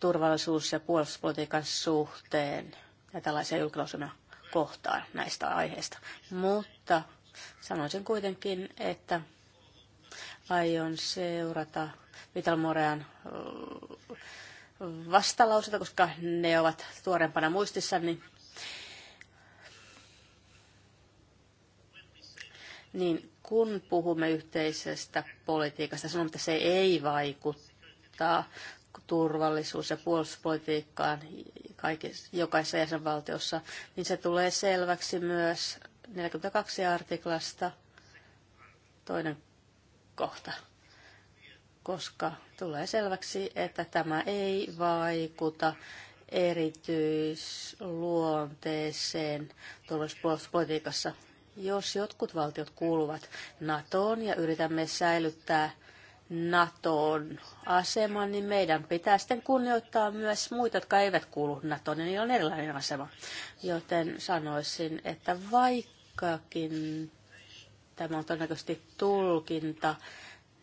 turvallisuus- ja puolustuspolitiikan suhteen ja tällaisia julkilausumia kohtaan näistä aiheista. Mutta sanoisin kuitenkin, että Aion seurata Vital Morean äh, vastalauseita, koska ne ovat tuorempana muistissani. Niin kun puhumme yhteisestä politiikasta, sanon, että se ei vaikuttaa turvallisuus- ja puolustuspolitiikkaan kaikissa, jokaisessa jäsenvaltiossa, niin se tulee selväksi myös 42 artiklasta, toinen kohta, koska tulee selväksi, että tämä ei vaikuta erityisluonteeseen turvallisuuspolitiikassa. Jos jotkut valtiot kuuluvat NATOon ja yritämme säilyttää NATOn aseman, niin meidän pitää sitten kunnioittaa myös muita, jotka eivät kuulu NATOon, niin on erilainen asema. Joten sanoisin, että vaikkakin tämä on todennäköisesti tulkinta,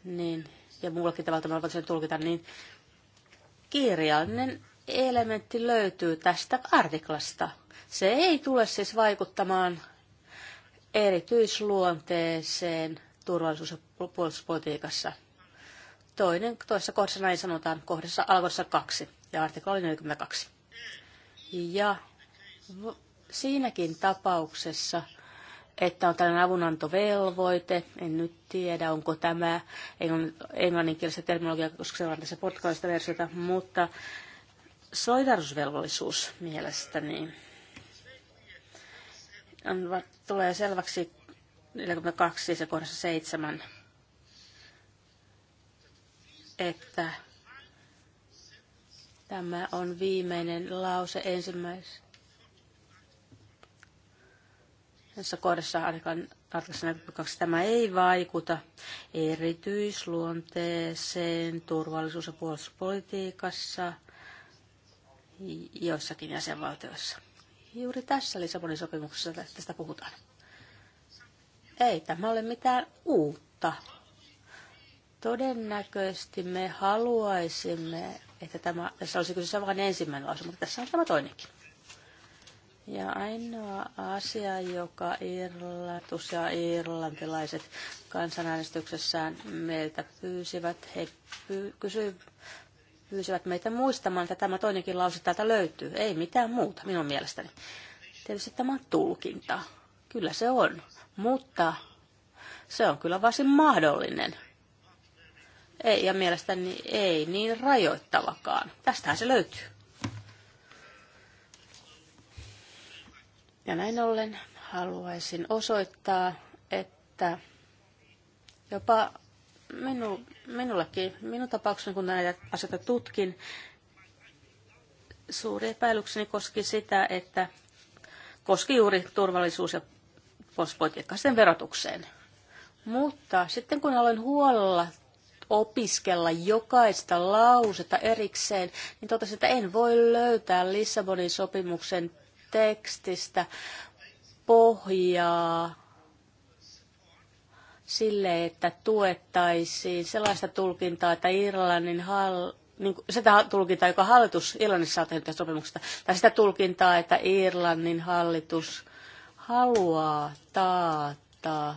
niin, ja muullakin tavalla tämä voit sen tulkita, niin kirjallinen elementti löytyy tästä artiklasta. Se ei tule siis vaikuttamaan erityisluonteeseen turvallisuus- ja puolustuspolitiikassa. Toinen, toisessa kohdassa näin sanotaan, kohdassa alkoissa kaksi ja artikla oli 42. Ja siinäkin tapauksessa että on tällainen avunantovelvoite. En nyt tiedä, onko tämä englanninkielistä terminologiaa, koska se on tässä portugalista versiota, mutta solidarisuusvelvollisuus mielestäni on, tulee selväksi 42 ja kohdassa 7, että tämä on viimeinen lause ensimmäisessä tässä kohdassa artikassa 42 tämä ei vaikuta erityisluonteeseen turvallisuus- ja puolustuspolitiikassa joissakin jäsenvaltioissa. Juuri tässä Lissabonin sopimuksessa tästä puhutaan. Ei tämä ole mitään uutta. Todennäköisesti me haluaisimme, että tämä, tässä olisi kyseessä vain ensimmäinen lause, mutta tässä on tämä toinenkin. Ja ainoa asia, joka Irlantus ja irlantilaiset kansanäänestyksessään meiltä pyysivät, he py- kysy- pyysivät meitä muistamaan, että tämä toinenkin lause täältä löytyy. Ei mitään muuta minun mielestäni. Tietysti tämä on tulkinta. Kyllä se on. Mutta se on kyllä varsin mahdollinen. Ei, ja mielestäni ei niin rajoittavakaan. Tästähän se löytyy. Ja näin ollen haluaisin osoittaa, että jopa minu, minullekin, minun tapaukseni, kun näitä asioita tutkin, suuri epäilykseni koski sitä, että koski juuri turvallisuus- ja puolustuspolitiikkaa verotukseen. Mutta sitten kun aloin huolella opiskella jokaista lausetta erikseen, niin totesin, että en voi löytää Lissabonin sopimuksen tekstistä pohjaa sille, että tuettaisiin sellaista tulkintaa, että Irlannin hall, niin kuin, sitä tulkintaa, joka hallitus Irlannissa on tehnyt sopimuksesta, tai sitä tulkintaa, että Irlannin hallitus haluaa taata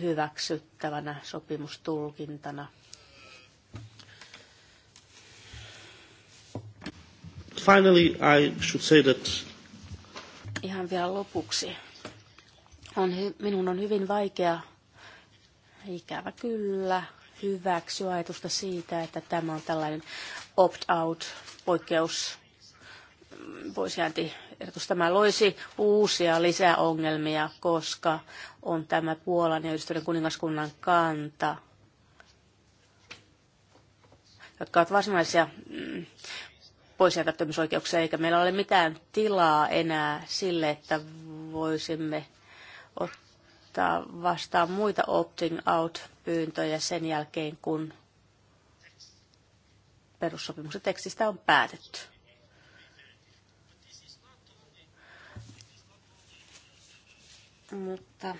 hyväksyttävänä sopimustulkintana. finally, I should say that... Ihan vielä lopuksi. On, minun on hyvin vaikea, ikävä kyllä, hyväksyä ajatusta siitä, että tämä on tällainen opt-out poikkeus poisjääntiehdotus. Tämä loisi uusia lisäongelmia, koska on tämä Puolan ja yhdistyneen kuningaskunnan kanta, jotka ovat varsinaisia mm, pois jakattomisoikeuksia, eikä meillä ole mitään tilaa enää sille, että voisimme ottaa vastaan muita opting out-pyyntöjä sen jälkeen, kun perussopimuksen tekstistä on päätetty. Mutta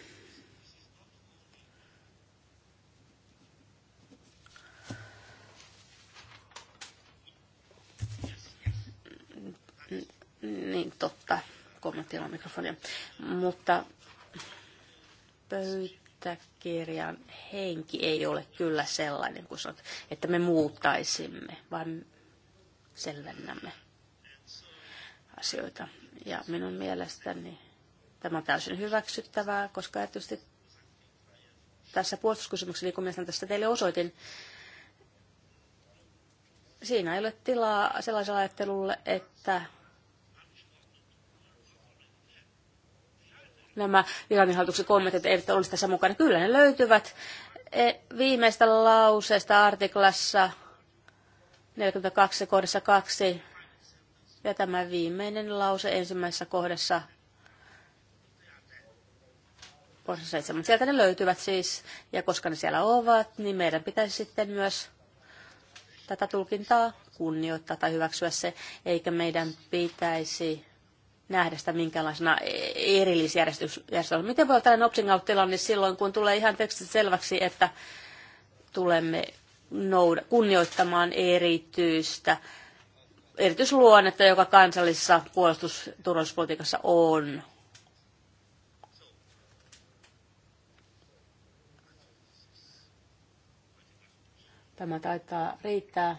Niin totta, kommentti on mikrofonia. Mutta pöytäkirjan henki ei ole kyllä sellainen kuin sanot, että me muuttaisimme, vaan selvennämme asioita. Ja minun mielestäni tämä on täysin hyväksyttävää, koska tietysti tässä puolustuskysymyksessä, niin kuin minä tästä teille osoitin, siinä ei ole tilaa sellaiselle ajattelulle, että nämä Iranin hallituksen kommentit eivät olisi tässä mukana. Kyllä ne löytyvät e, viimeistä lauseesta artiklassa 42 kohdassa 2 ja tämä viimeinen lause ensimmäisessä kohdassa kohdassa 7. Sieltä ne löytyvät siis, ja koska ne siellä ovat, niin meidän pitäisi sitten myös tätä tulkintaa kunnioittaa tai hyväksyä se, eikä meidän pitäisi nähdä sitä minkäänlaisena erillisjärjestelmänä. Miten voi olla tällainen opting out-tilanne niin silloin, kun tulee ihan tekstistä selväksi, että tulemme nouda, kunnioittamaan erityistä erityisluonnetta, joka kansallisessa puolustusturvallisuuspolitiikassa on. Tämä taitaa riittää.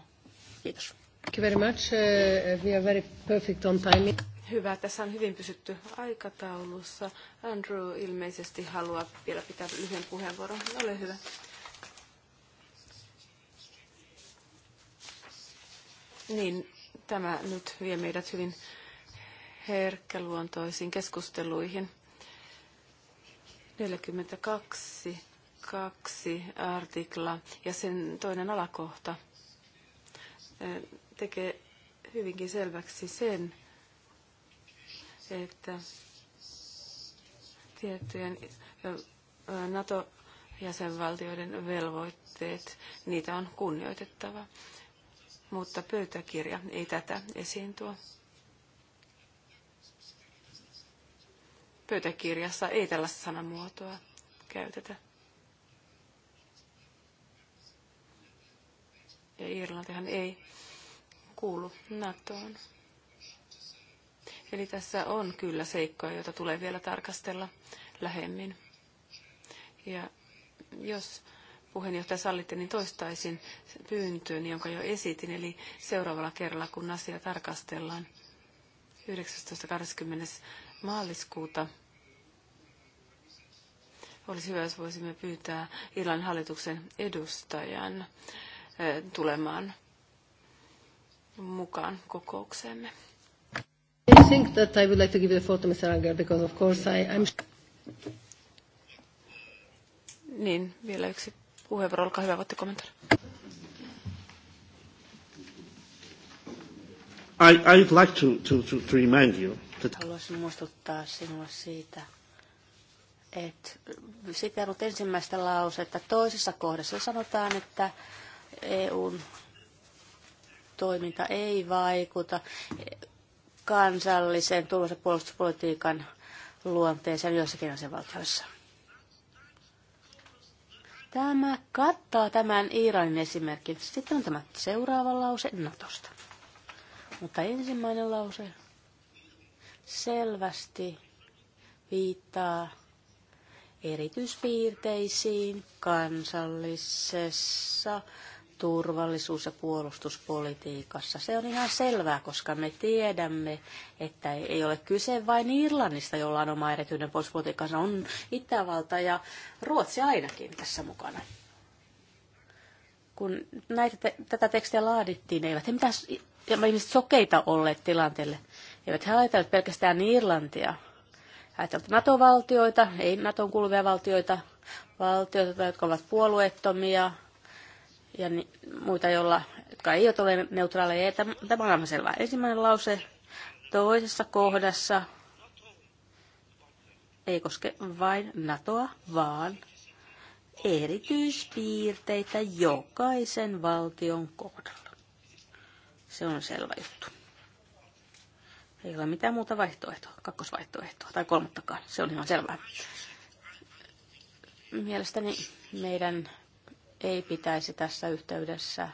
Kiitos. Thank you very much. Uh, we are very perfect on timing hyvä. Tässä on hyvin pysytty aikataulussa. Andrew ilmeisesti haluaa vielä pitää lyhyen puheenvuoron. Ole hyvä. Niin, tämä nyt vie meidät hyvin herkkäluontoisiin keskusteluihin. 42, 2 artikla ja sen toinen alakohta tekee hyvinkin selväksi sen, se, että tiettyjen NATO-jäsenvaltioiden velvoitteet, niitä on kunnioitettava. Mutta pöytäkirja ei tätä esiin tuo. Pöytäkirjassa ei tällaista sanamuotoa käytetä. Ja Irlantihan ei kuulu NATOon. Eli tässä on kyllä seikkoja, joita tulee vielä tarkastella lähemmin. Ja jos puheenjohtaja sallitte, niin toistaisin pyyntöön, jonka jo esitin, eli seuraavalla kerralla, kun asia tarkastellaan 19.20. maaliskuuta, olisi hyvä, jos voisimme pyytää Irlannin hallituksen edustajan eh, tulemaan mukaan kokoukseemme. I think that I would like to give the floor to Mr. Anger because of course I, I'm... Niin, vielä yksi puheenvuoro, olkaa hyvä, voitte kommentoida. I, I would like to, to, to, to remind you that... Haluaisin muistuttaa sinua siitä, että sitä on ensimmäistä lausetta. Toisessa kohdassa sanotaan, että EUn toiminta ei vaikuta kansallisen turvallisuus- ja puolustuspolitiikan luonteeseen joissakin asevaltioissa. Tämä kattaa tämän Iranin esimerkin. Sitten on tämä seuraava lause Natosta. Mutta ensimmäinen lause selvästi viittaa erityispiirteisiin kansallisessa turvallisuus- ja puolustuspolitiikassa. Se on ihan selvää, koska me tiedämme, että ei ole kyse vain Irlannista, jolla on oma erityinen puolustuspolitiikkansa, on Itävalta ja Ruotsi ainakin tässä mukana. Kun näitä te- tätä tekstiä laadittiin, eivät he mitään ihmiset sokeita olleet tilanteelle. Eivät he ajatelleet pelkästään Irlantia. Ajatelleet NATO-valtioita, ei NATOn kuuluvia valtioita, valtioita, jotka ovat puolueettomia, ja ni, muita, jolla jotka eivät ole neutraaleja. Tämä on aivan selvää. Ensimmäinen lause toisessa kohdassa ei koske vain NATOa, vaan erityispiirteitä jokaisen valtion kohdalla. Se on selvä juttu. Ei ole mitään muuta vaihtoehtoa, kakkosvaihtoehtoa tai kolmattakaan. Se on ihan selvää. Mielestäni meidän ei pitäisi tässä yhteydessä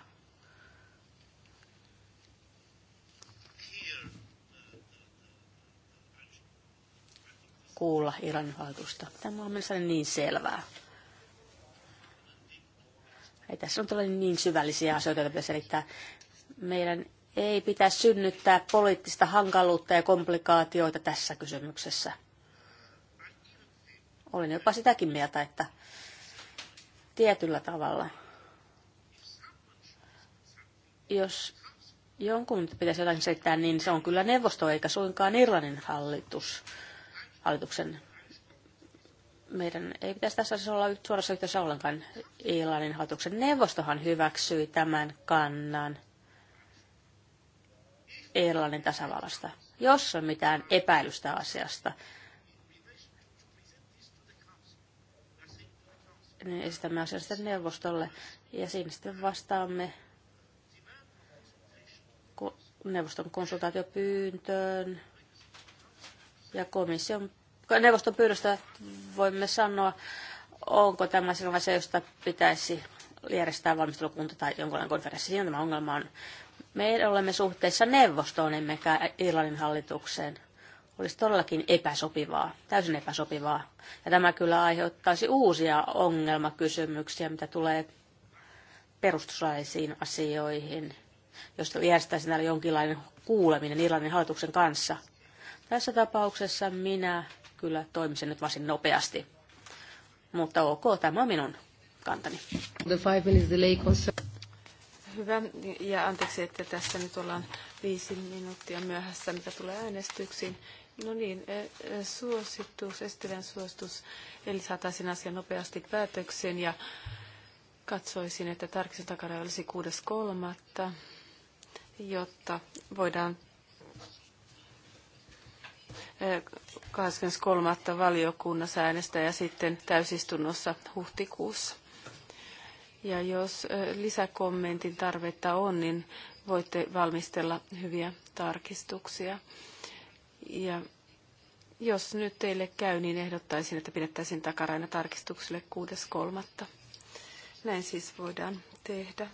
kuulla Iranin hallitusta. Tämä on mielestäni niin selvää. Ei tässä on tällainen niin syvällisiä asioita, joita pitäisi selittää. Meidän ei pitäisi synnyttää poliittista hankaluutta ja komplikaatioita tässä kysymyksessä. Olen jopa sitäkin mieltä, että tietyllä tavalla. Jos jonkun pitäisi jotain selittää, niin se on kyllä neuvosto eikä suinkaan Irlannin hallitus, hallituksen meidän ei pitäisi tässä asiassa olla suorassa yhteydessä ollenkaan Irlannin hallituksen. Neuvostohan hyväksyi tämän kannan Irlannin tasavallasta. Jos on mitään epäilystä asiasta, niin esitämme asian sitten neuvostolle ja siinä sitten vastaamme neuvoston konsultaatiopyyntöön ja komission, neuvoston pyydöstä voimme sanoa, onko tämä sellainen josta pitäisi järjestää valmistelukunta tai jonkinlainen konferenssi. Siinä tämä ongelma on. Me olemme suhteessa neuvostoon, emmekä Irlannin hallitukseen olisi todellakin epäsopivaa, täysin epäsopivaa. Ja tämä kyllä aiheuttaisi uusia ongelmakysymyksiä, mitä tulee perustuslaisiin asioihin, josta järjestäisi täällä jonkinlainen kuuleminen Irlannin hallituksen kanssa. Tässä tapauksessa minä kyllä toimisin nyt varsin nopeasti. Mutta ok, tämä on minun kantani. The five minutes delay concern. Hyvä, ja anteeksi, että tässä nyt ollaan viisi minuuttia myöhässä, mitä tulee äänestyksiin. No niin, e, e, suositus, Estelän suositus, eli saataisiin asian nopeasti päätökseen ja katsoisin, että tarkistus takana olisi 6.3., jotta voidaan 23. E, valiokunnassa äänestää ja sitten täysistunnossa huhtikuussa. Ja jos lisäkommentin tarvetta on, niin voitte valmistella hyviä tarkistuksia. Ja jos nyt teille käy, niin ehdottaisin, että pidettäisiin takaraina tarkistukselle 6.3. Näin siis voidaan tehdä.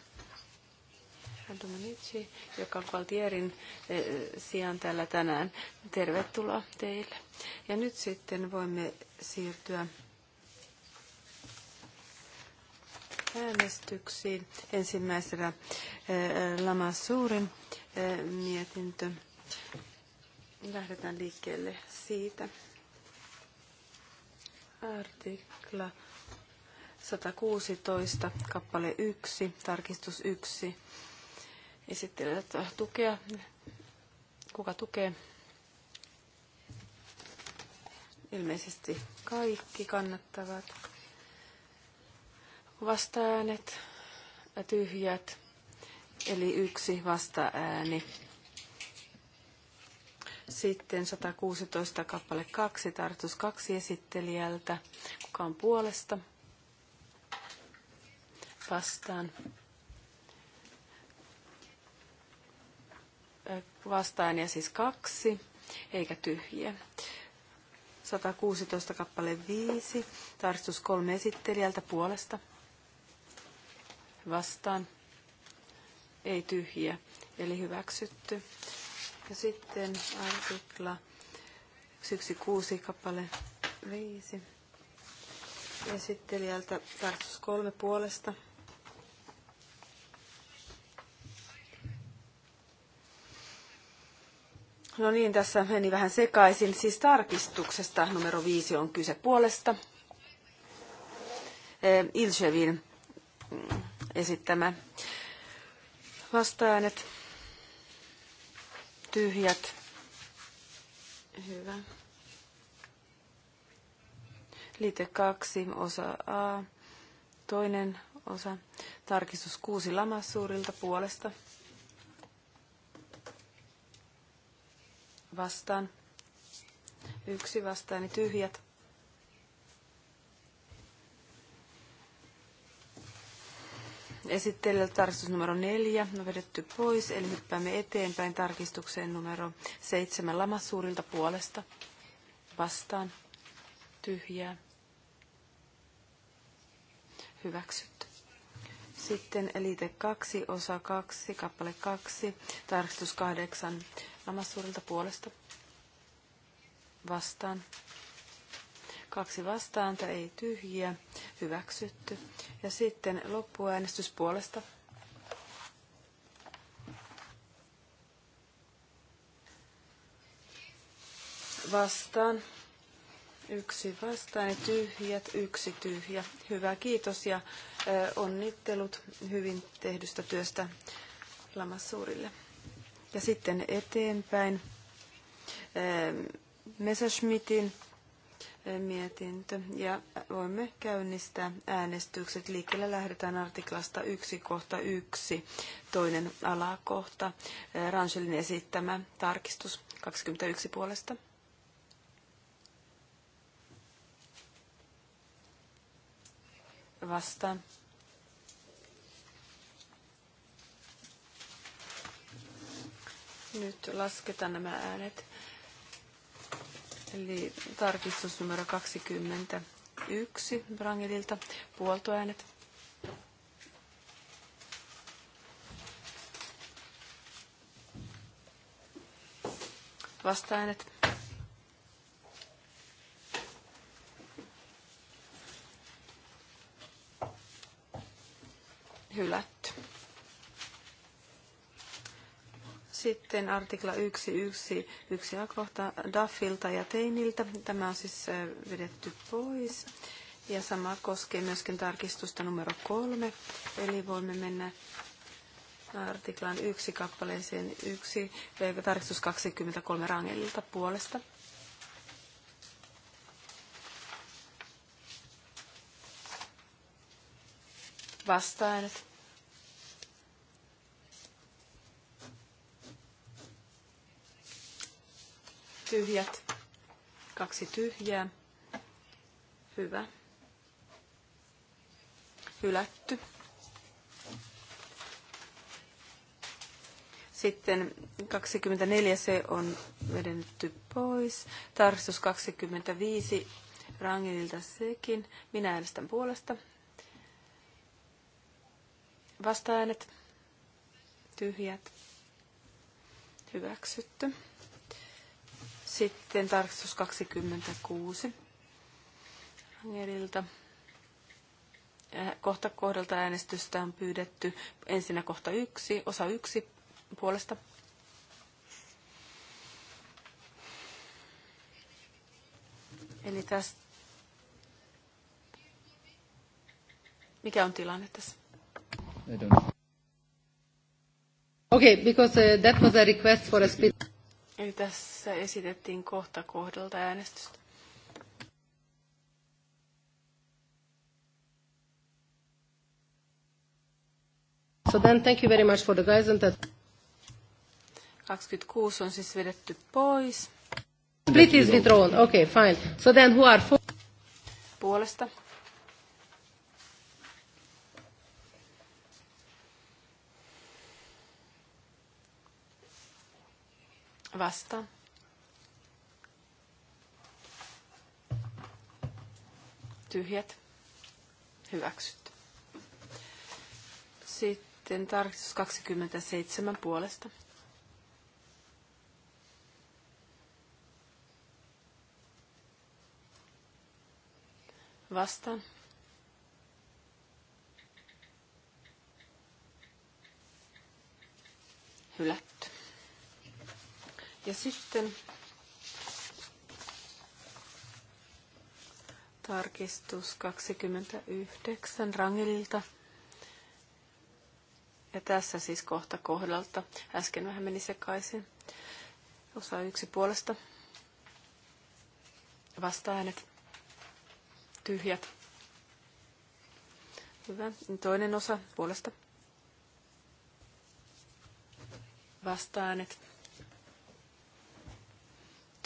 Domenici, joka on Valtierin eh, sijaan täällä tänään. Tervetuloa teille. Ja nyt sitten voimme siirtyä äänestyksiin. Ensimmäisenä eh, eh, Lamassuurin mietintö Lähdetään liikkeelle siitä. Artikla 116, kappale 1, tarkistus 1. Esittelijät tukea. Kuka tukee? Ilmeisesti kaikki kannattavat. Vastaäänet, tyhjät, eli yksi vastaääni sitten 116 kappale 2, tartus 2 esittelijältä. Kuka on puolesta? Vastaan. Vastaan ja siis kaksi, eikä tyhjiä. 116 kappale 5, tarkistus 3 esittelijältä puolesta. Vastaan. Ei tyhjiä, eli hyväksytty. Ja sitten artikla 16 kappale 5. Esittelijältä tarkoitus kolme puolesta. No niin, tässä meni vähän sekaisin. Siis tarkistuksesta numero viisi on kyse puolesta. Ilsevin esittämä vastaäänet tyhjät, hyvä. Liite 2, osa A, toinen osa, tarkistus 6 lamassuurilta puolesta. Vastaan. Yksi vastaani niin tyhjät. esittelijältä tarkistus numero neljä on vedetty pois, eli hyppäämme eteenpäin tarkistukseen numero seitsemän lamassuurilta puolesta. Vastaan tyhjää. Hyväksytty. Sitten liite 2, osa 2, kappale 2, tarkistus 8 lamassuurilta puolesta. Vastaan. Kaksi vastaanta, ei tyhjiä, hyväksytty. Ja sitten loppuäänestys puolesta. Vastaan. Yksi vastaan ja tyhjät, yksi tyhjä. Hyvä, kiitos ja onnittelut hyvin tehdystä työstä Lamassuurille. Ja sitten eteenpäin Messerschmittin mietintö ja voimme käynnistää äänestykset. Liikkeelle lähdetään artiklasta 1 kohta 1, toinen alakohta, Ranselin esittämä tarkistus 21 puolesta. Vastaan. Nyt lasketaan nämä äänet. Eli tarkistus numero 21 Brangelilta. Puoltoäänet. Vastaäänet. Hylätty. Sitten artikla 1.1.1a kohta Daffilta ja Teiniltä. Tämä on siis vedetty pois. Ja sama koskee myöskin tarkistusta numero kolme. Eli voimme mennä artiklan yksi kappaleeseen yksi, tarkistus 23 rangelilta puolesta. Vastaäänet. tyhjät, kaksi tyhjää, hyvä, hylätty. Sitten 24 se on vedennetty pois. Tarkistus 25 Rangelilta sekin. Minä äänestän puolesta. Vastaäänet. Tyhjät. Hyväksytty. Sitten tarkistus 26 Rangerilta. Äh, kohta kohdalta äänestystä on pyydetty ensinnä kohta yksi, osa yksi puolesta Eli tässä... Mikä on tilanne tässä? Okay, because uh, that was a request for a speed. Eli tässä esitettiin kohta kohdalta äänestystä. So then thank you very much for the guidance that 26 on siis vedetty pois. Split is withdrawn. Okay, fine. So then who are for? Puolesta Vastaan. Tyhjät. Hyväksyt. Sitten tarkistus 27 puolesta. Vastaan. hylätty. Ja sitten tarkistus 29 rangilta. Ja tässä siis kohta kohdalta. Äsken vähän meni sekaisin. Osa yksi puolesta. Vastaäänet. Tyhjät. Hyvä. Toinen osa puolesta. Vastaäänet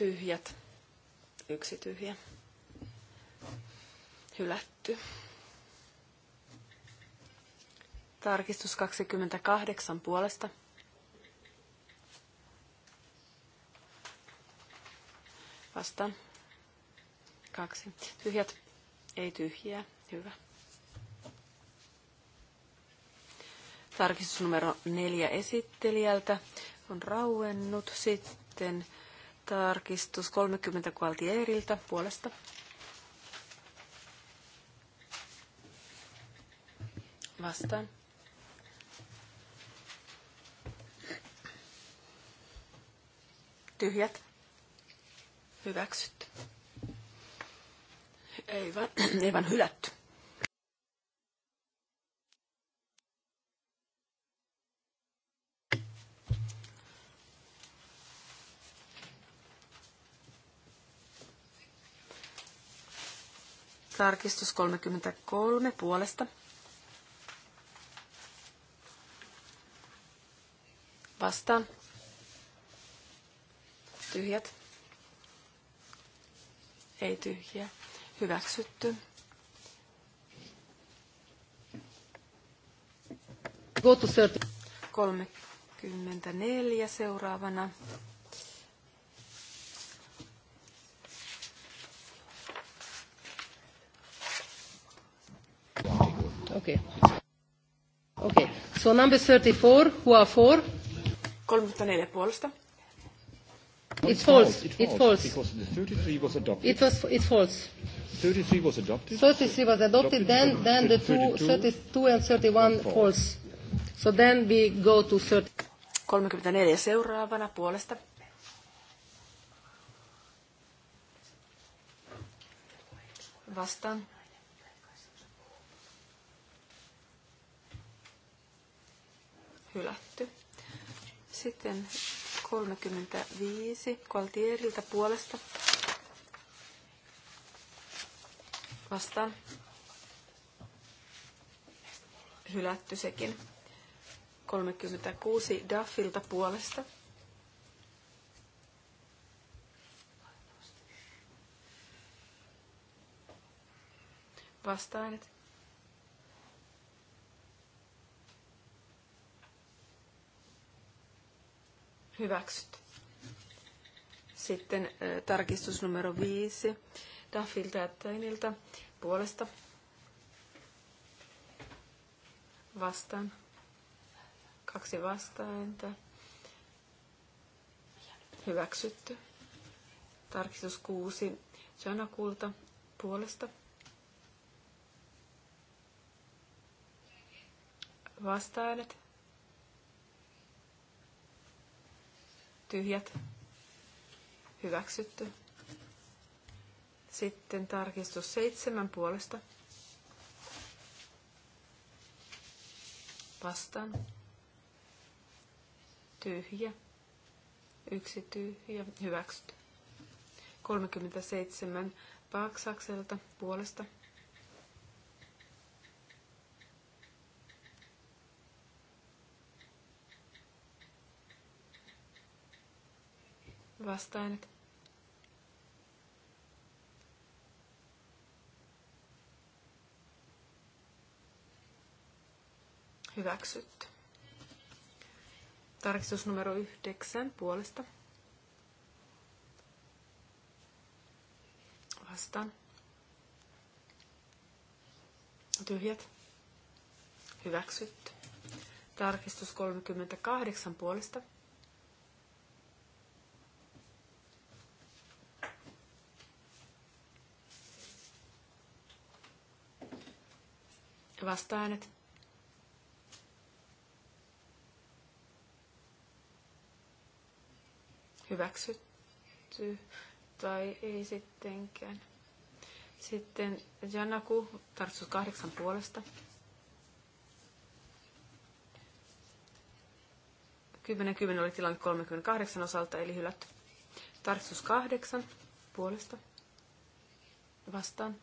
tyhjät, yksi tyhjä, hylätty. Tarkistus 28 puolesta. Vastaan. Kaksi. Tyhjät. Ei tyhjiä. Hyvä. Tarkistus numero neljä esittelijältä on rauennut. Sitten Tarkistus 30 Gualtieriltä puolesta. Vastaan. Tyhjät. Hyväksytty. Ei vaan, *clears throat* ei vaan hylätty. Tarkistus 33 puolesta. Vastaan. Tyhjät. Ei tyhjiä. Hyväksytty. Go to 34 seuraavana. So number 34, who are for? 34 puolesta. It's false. No, It false. It false. Because the 33 was adopted. It was. It's false. 33 was adopted. 33 was adopted. adopted then, then the two, 32 and 31 false. false. So then we go to 30. 34 seuraavana puolesta. Vastaan. hylätty. Sitten 35 Gualtierilta puolesta vastaan hylätty sekin. 36 Duffilta puolesta. että Hyväksytty. Sitten tarkistus numero viisi. Daffilta ja Tainilta puolesta. Vastaan. Kaksi vastaääntä. Hyväksytty. Tarkistus kuusi. Janakulta puolesta. Vastaäänet. tyhjät, hyväksytty. Sitten tarkistus seitsemän puolesta. Vastaan. Tyhjä. Yksi tyhjä. Hyväksytty. 37 Paksakselta puolesta. Vastainet. Hyväksytty. Tarkistus numero yhdeksän puolesta. Vastaan. Tyhjät. Hyväksytty. Tarkistus 38 puolesta. Vastaäänet. Hyväksytty tai ei sittenkään. Sitten Janaku, tarkistus kahdeksan puolesta. Kymmenen kymmenen oli tilanne 38 osalta, eli hylätty. Tarkistus kahdeksan puolesta. Vastaan.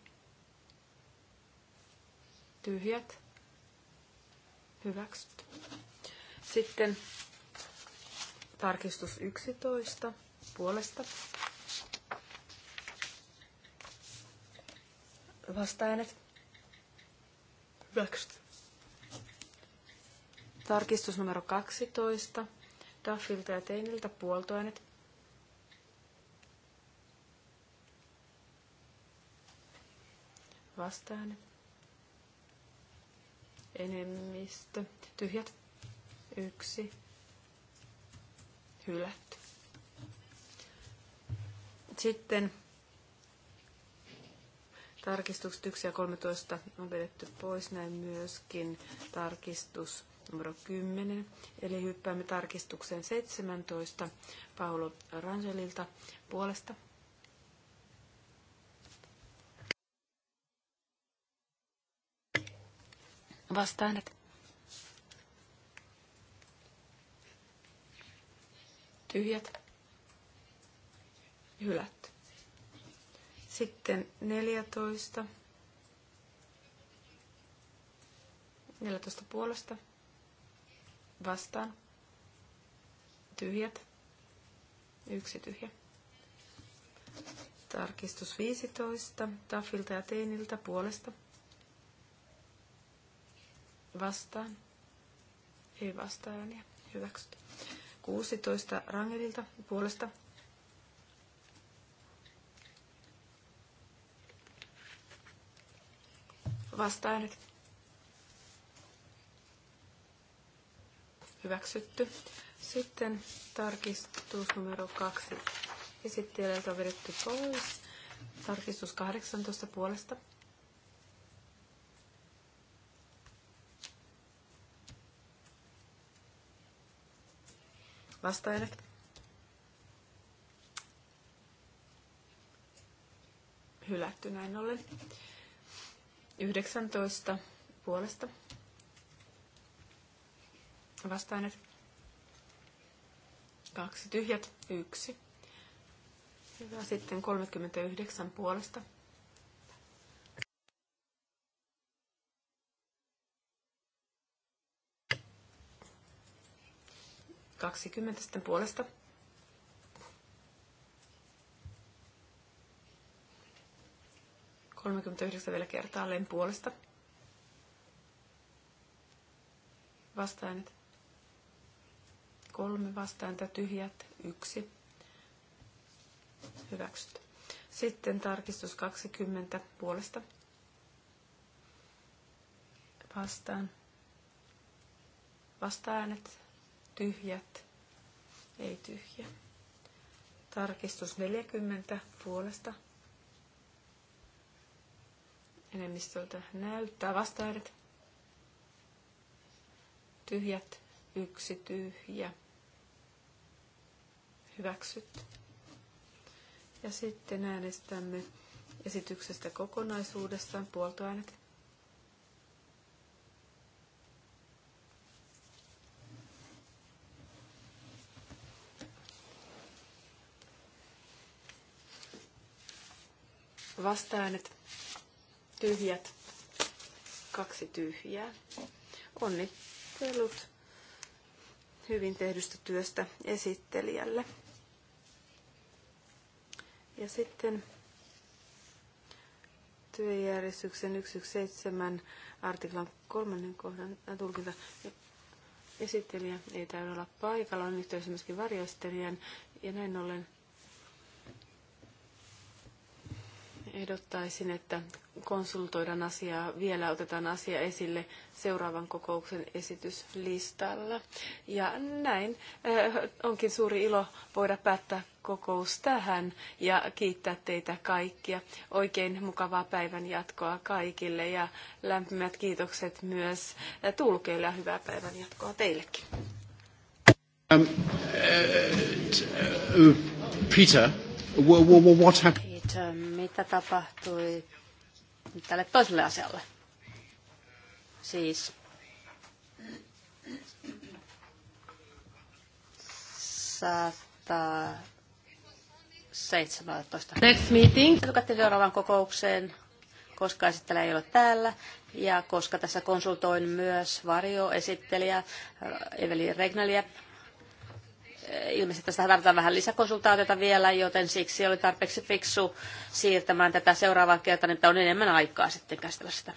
Tyhjät. Hyväksytty. Sitten tarkistus 11 puolesta. Vastaajanet. Hyväksytty. Tarkistus numero 12. Daffilta ja Teiniltä puoltoainet. Vastaajanet enemmistö, tyhjät, yksi, hylätty. Sitten tarkistukset 1 ja 13 on vedetty pois, näin myöskin tarkistus numero 10. Eli hyppäämme tarkistukseen 17 Paulo Rangelilta puolesta Vastaanet. Tyhjät. Hylät. Sitten 14. 14 puolesta. Vastaan. Tyhjät. Yksi tyhjä. Tarkistus 15. Tafilta ja Teiniltä puolesta Vastaan. Ei vastaa ääniä. Hyväksyt. 16 Rangelilta puolesta. Vasta-äänet. Hyväksytty. Sitten tarkistus numero 2. Esittelijältä on vedetty pois. Tarkistus 18 puolesta. Vastaäänet. Hylätty näin ollen. 19 puolesta. Vastaäänet. Kaksi tyhjät, yksi. Ja Sitten 39 puolesta 20 sitten puolesta. Kolmekymmentäyhdeksän vielä kertaalleen puolesta. Vastaäänet. Kolme vastaääntä tyhjät. Yksi. Hyväksyt. Sitten tarkistus 20 puolesta. Vastaan. Vastaäänet tyhjät, ei tyhjä. Tarkistus 40 puolesta. Enemmistöltä näyttää vastaajat. Tyhjät, yksi tyhjä. hyväksyt, Ja sitten äänestämme esityksestä kokonaisuudessaan puoltoäänet. Vastaanet tyhjät, kaksi tyhjää. Onnittelut hyvin tehdystä työstä esittelijälle. Ja sitten työjärjestyksen 117 artiklan kolmannen kohdan äh, tulkinta. Esittelijä ei täydä olla paikalla, on yhteydessä myöskin varjoistelijan ja näin ollen Ehdottaisin, että konsultoidaan asiaa, vielä otetaan asia esille seuraavan kokouksen esityslistalla. Ja näin eh, onkin suuri ilo voida päättää kokous tähän ja kiittää teitä kaikkia. Oikein mukavaa päivän jatkoa kaikille ja lämpimät kiitokset myös tulkeille ja hyvää päivän jatkoa teillekin. Um, uh, uh, Peter, what happened? Äh, mitä tapahtui tälle toiselle asialle. Siis saattaa 17. Next meeting. Tukatte seuraavaan kokoukseen, koska esittelijä ei ole täällä. Ja koska tässä konsultoin myös varjoesittelijä äh, Eveli Regnalia ilmeisesti tästä tarvitaan vähän lisäkonsultaatiota vielä, joten siksi oli tarpeeksi fiksu siirtämään tätä seuraavaan kertaan, että on enemmän aikaa sitten käsitellä sitä.